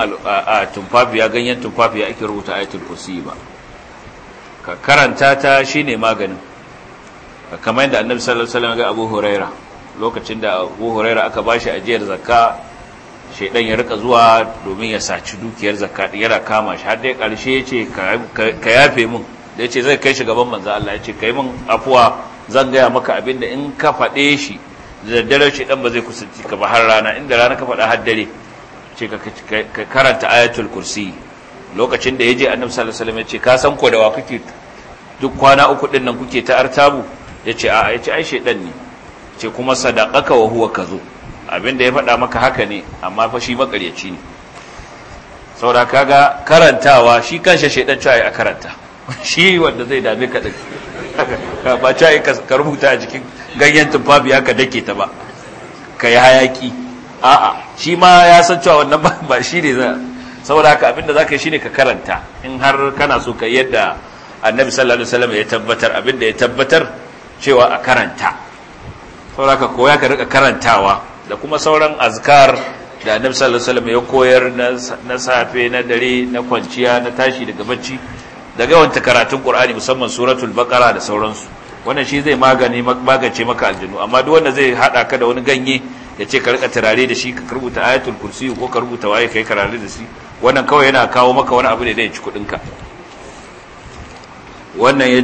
B: tumfafiya ganyen tumfafiya ake rubuta ayatul kursi ba ka karanta ta shine maganin kamar yadda annabi sallallahu alaihi wasallam ga Abu Huraira lokacin da Abu Huraira aka shi ajiyar zakka shedan ya rika zuwa domin ya saci dukiyar zakka yana kama shi har dai karshe yace ka yafe min da yace zai kai shi gaban manzo Allah ka yi min afuwa zan gaya maka abinda in ka faɗe shi da daddare shi dan ba zai kusanci ka ba har rana inda rana ka faɗa har dare ce ka karanta ayatul kursi lokacin da ya je annabi sallallahu alaihi wasallam ya ce ka san ko da wa kuke duk kwana uku din nan kuke ta artabu ya ce a'a ya ce ai shedan ne ce kuma sadaqaka wa huwa kazo abinda ya faɗa maka haka ne amma fa shi makaryaci ne saboda kaga karantawa shi kanshi shedan cewa a karanta shi wanda zai dame ka din ba cewa ka rubuta a jikin ganyen tufafi haka dake ta ba ka yi hayaki 'a shi ma ya san cewa wannan ba shi ne za saboda haka abinda za ka yi shi ne ka karanta in har kana so ka yadda annabi sallallahu alaihi wasallam ya tabbatar abinda ya tabbatar cewa a karanta saboda haka ko ya ka rika karantawa da kuma sauran azkar da annabi sallallahu alaihi wasallam ya koyar na safe na dare na kwanciya na tashi daga bacci daga wanta karatun qur'ani musamman suratul baqara da sauransu wannan shi zai magani magance maka aljanu amma duk wanda zai hada ka da wani ganye ya ce ka rika turare da shi ka rubuta ayatul kursi ko ka rubuta waye kai karare da shi wannan kawai yana kawo maka wani abu da ya ci kudin ka wannan ya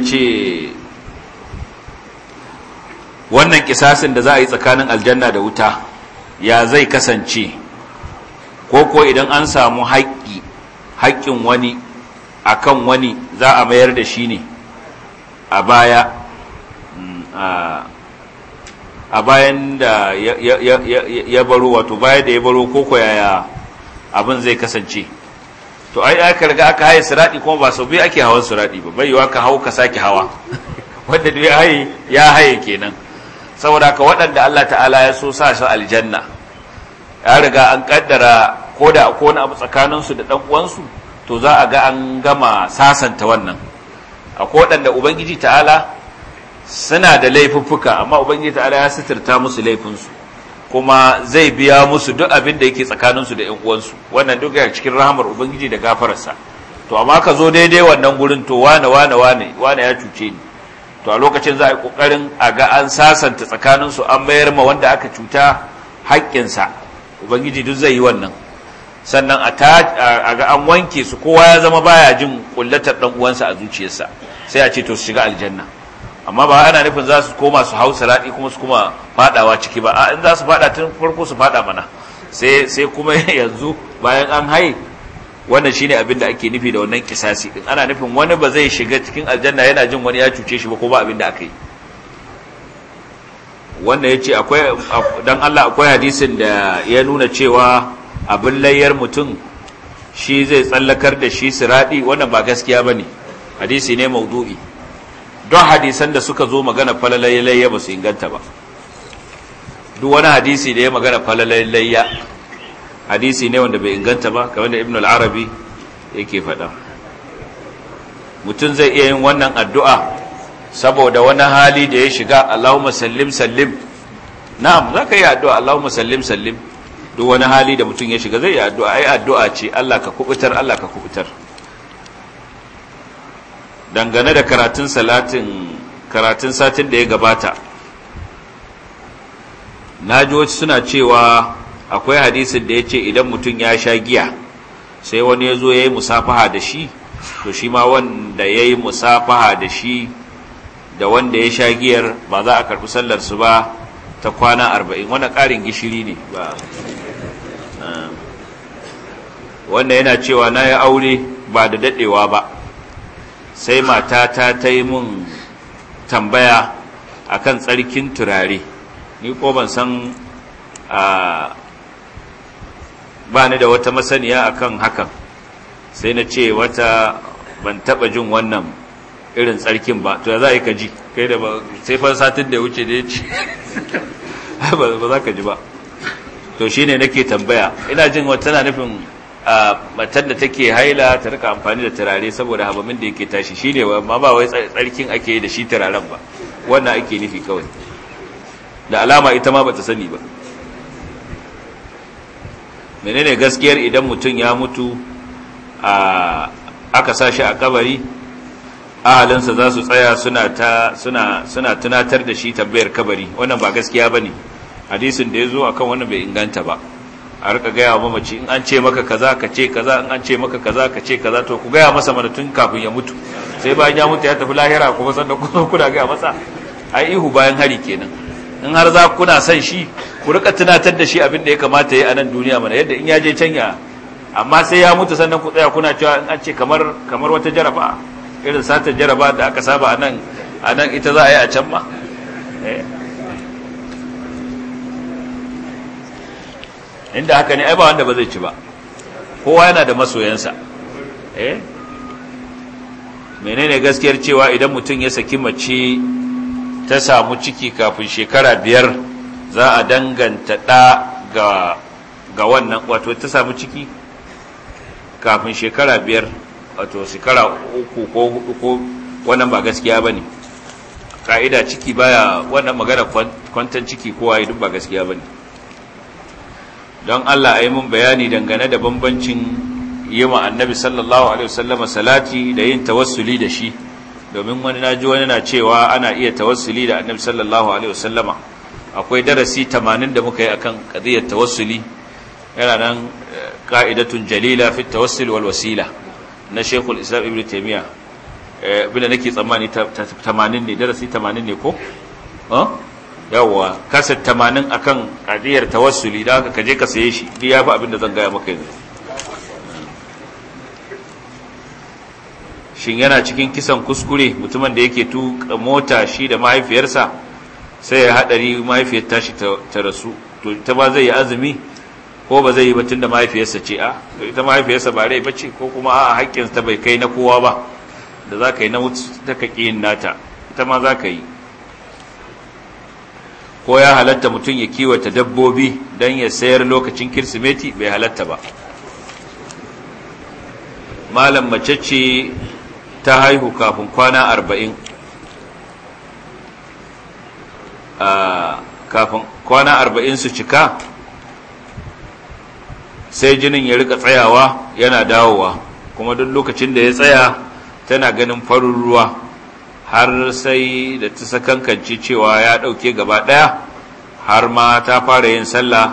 B: wannan kisasin da za a yi tsakanin aljanna da wuta ya zai kasance ko ko idan an samu haƙƙi haƙƙin wani akan wani za a mayar da shi ne a baya a bayan da ya baro wato bayan da ya baro koko yaya abin zai kasance to ai aka riga aka haye suradi kuma ba sau biyu ake hawan suradi ba bai yiwa ka hau ka sake hawa wanda dai ya haye ya haye kenan saboda ka waɗanda Allah ta'ala ya so sa shi aljanna ya riga an kaddara ko da ko wani abu tsakaninsu da ɗan uwansu to za a ga an gama sasanta wannan akwai waɗanda ubangiji ta'ala suna da laifuffuka amma ubangiji ala ya suturta musu laifinsu kuma zai biya musu duk abin da yake tsakaninsu da 'yan uwansu wannan duk ya cikin rahamar ubangiji da gafararsa to amma ka zo daidai wannan gurin to wane wane wane wane ya cuce ni to a lokacin za a yi kokarin a ga an sasanta tsakaninsu an mayar ma wanda aka cuta haƙƙinsa ubangiji duk zai yi wannan sannan a ga an wanke su kowa ya zama baya jin kullatar ɗan uwansa a zuciyarsa sai a ce to su shiga aljanna amma ba ana nufin za su koma su hau salati kuma su kuma fadawa ciki ba a in za su fada tun farko su fada mana sai kuma yanzu bayan an haye wannan shine abin da ake nufi da wannan kisasi din ana nufin wani ba zai shiga cikin aljanna yana jin wani ya cuce shi ba ko ba abin da aka yi wannan ce akwai dan Allah akwai hadisin da ya nuna cewa abin layyar mutum shi zai tsallakar da shi siradi wannan ba gaskiya bane hadisi ne maudu'i don hadisan da suka zo magana laiya ba su inganta ba duk wani hadisi da ya magana laiya hadisi ne wanda bai inganta ba kamar da ibn al-arabi yake faɗa mutum zai iya yin wannan addu'a saboda wani hali da ya shiga allahumma sallim sallim na'am za ka yi addu'a allahumma sallim sallim duk wani hali da mutum ya shiga zai yi addu'a ai addu'a ce allah ka kubutar allah ka kubutar dangane da karatun salatin karatun satin da ya gabata na ji wasu suna cewa akwai hadisin da ya ce idan mutum ya sha giya sai wani ya zo ya yi musafaha da shi to shi ma wanda ya yi musafaha da shi da wanda ya sha giyar ba za a karɓi sallarsu ba ta kwana arba'in wani ƙarin gishiri ne ba wanda yana cewa na yi aure ba da daɗewa ba sai mata ta yi mun tambaya kan tsarkin turare ni ko ban san ba ni da wata masaniya akan hakan sai na ce wata ban taba jin wannan irin tsarkin ba to za a yi ka ji kai da ba sai fan satin da ya wuce da ya ce ba za ka ji ba to shi ne nake tambaya ina jin wata tana nufin matan da take haila ta rika amfani da turare saboda habamin da yake tashi ne ma ba wai tsarkin ake da shi turaren ba wannan ake nufi kawai da alama ita ma bata sani ba menene gaskiyar idan mutum ya mutu a aka sashi a kabari ahalinsa za su tsaya suna tunatar da shi tambayar kabari wannan ba gaskiya ba ne hadisin da ya zo akan wannan bai inganta ba a rika gaya wa mamaci in an ce maka kaza ka ce kaza in an ce maka kaza ka ce kaza to ku gaya masa mana tun kafin ya mutu sai bayan ya mutu ya tafi lahira kuma da kuma kuna gaya masa ai ihu bayan hari kenan in har za kuna son shi ku rika tunatar da shi abin da ya kamata yi a nan duniya mana yadda in ya je can ya amma sai ya mutu sannan ku tsaya kuna cewa in an ce kamar kamar wata jaraba irin satar jaraba da aka saba a nan a nan ita za a yi a can ma eh. inda haka ne ai ba wanda ba zai ci ba kowa yana da masoyansa eh menene gaskiyar cewa idan mutum ya saki mace ta samu ciki kafin shekara biyar za a danganta ɗa ga ga wannan wato ta samu ciki kafin shekara biyar wato shekara uku ko hudu ko wannan ba gaskiya ba ne ka'ida ciki baya wannan magana kwantan ciki kowa duk ba gaskiya ba ne don Allah a yi mun bayani dangane da bambancin yi ma annabi sallallahu alaihi wasallama salati da yin tawassuli da shi domin wani na ji wani na cewa ana iya tawassuli da annabi sallallahu alaihi wasallama akwai darasi tamanin da muka yi a kan qadiyar tawassuli yana nan eh, ƙa'idatun jalila fi tawassul wal wasila na shaykhul islam ibnu taymiya eh, bin nake tsammani 80 ne darasi 80 ne ko eh yawwa kasa 80 akan kadiyar tawassuli da haka kaje ka saye shi duk yafi abin da zan gaya maka yanzu shin yana cikin kisan kuskure mutumin da yake tuka mota shi da mahaifiyarsa sai ya hadari mahaifiyar tashi ta rasu to ta ba zai yi azumi ko ba zai yi batun da mahaifiyarsa ce a to ita mahaifiyarsa ba rai bace ko kuma a haƙƙinsa ta bai kai na kowa ba da za ka yi na wuce ta ka ƙi yin nata ita ma za ka yi ko ya halatta mutum ya kiwata dabbobi don ya sayar lokacin kirsimeti bai halatta ba malam mace ce ta haihu kafin kwana arba'in kafin kwana arba'in su cika sai jinin ya rika tsayawa yana dawowa kuma duk lokacin da ya tsaya tana ganin farin ruwa har sai da ta sakankanci cewa ya ɗauke gaba ɗaya har ma ta fara yin sallah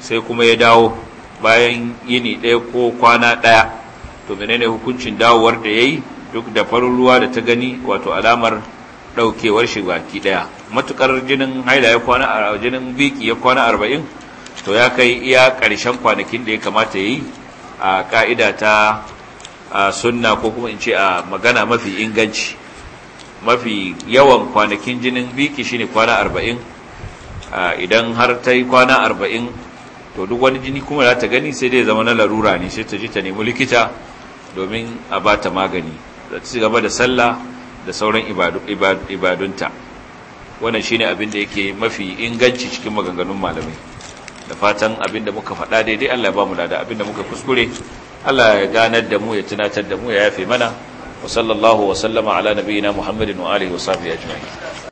B: sai kuma ya dawo bayan yini ɗaya ko kwana ɗaya to menene hukuncin dawowar da ya yi duk da farin ruwa da ta gani wato alamar ɗaukewar shi baki ɗaya matuƙar jinin haila ya kwana a jinin biki ya kwana arba'in to ya kai iya ƙarshen kwanakin da ya kamata ya yi a ƙa'ida ta sunna ko kuma in ce a magana mafi inganci mafi yawan kwanakin jinin biki shine kwana arba'in idan har ta yi kwana arba'in to duk wani jini kuma za ta gani sai dai zama na larura ne sai ta ji ta nemi likita domin a ba ta magani da ta gaba da sallah da sauran ibadunta wannan shine abin da yake mafi inganci cikin maganganun malamai da fatan abin da muka faɗa daidai Allah ya ba mu lada abin da muka kuskure Allah ya ganar da mu ya tunatar da mu ya yafe mana wa sallallahu wa sallama ala nabiyyina muhammadin wa alihi wa sahbihi ajma'in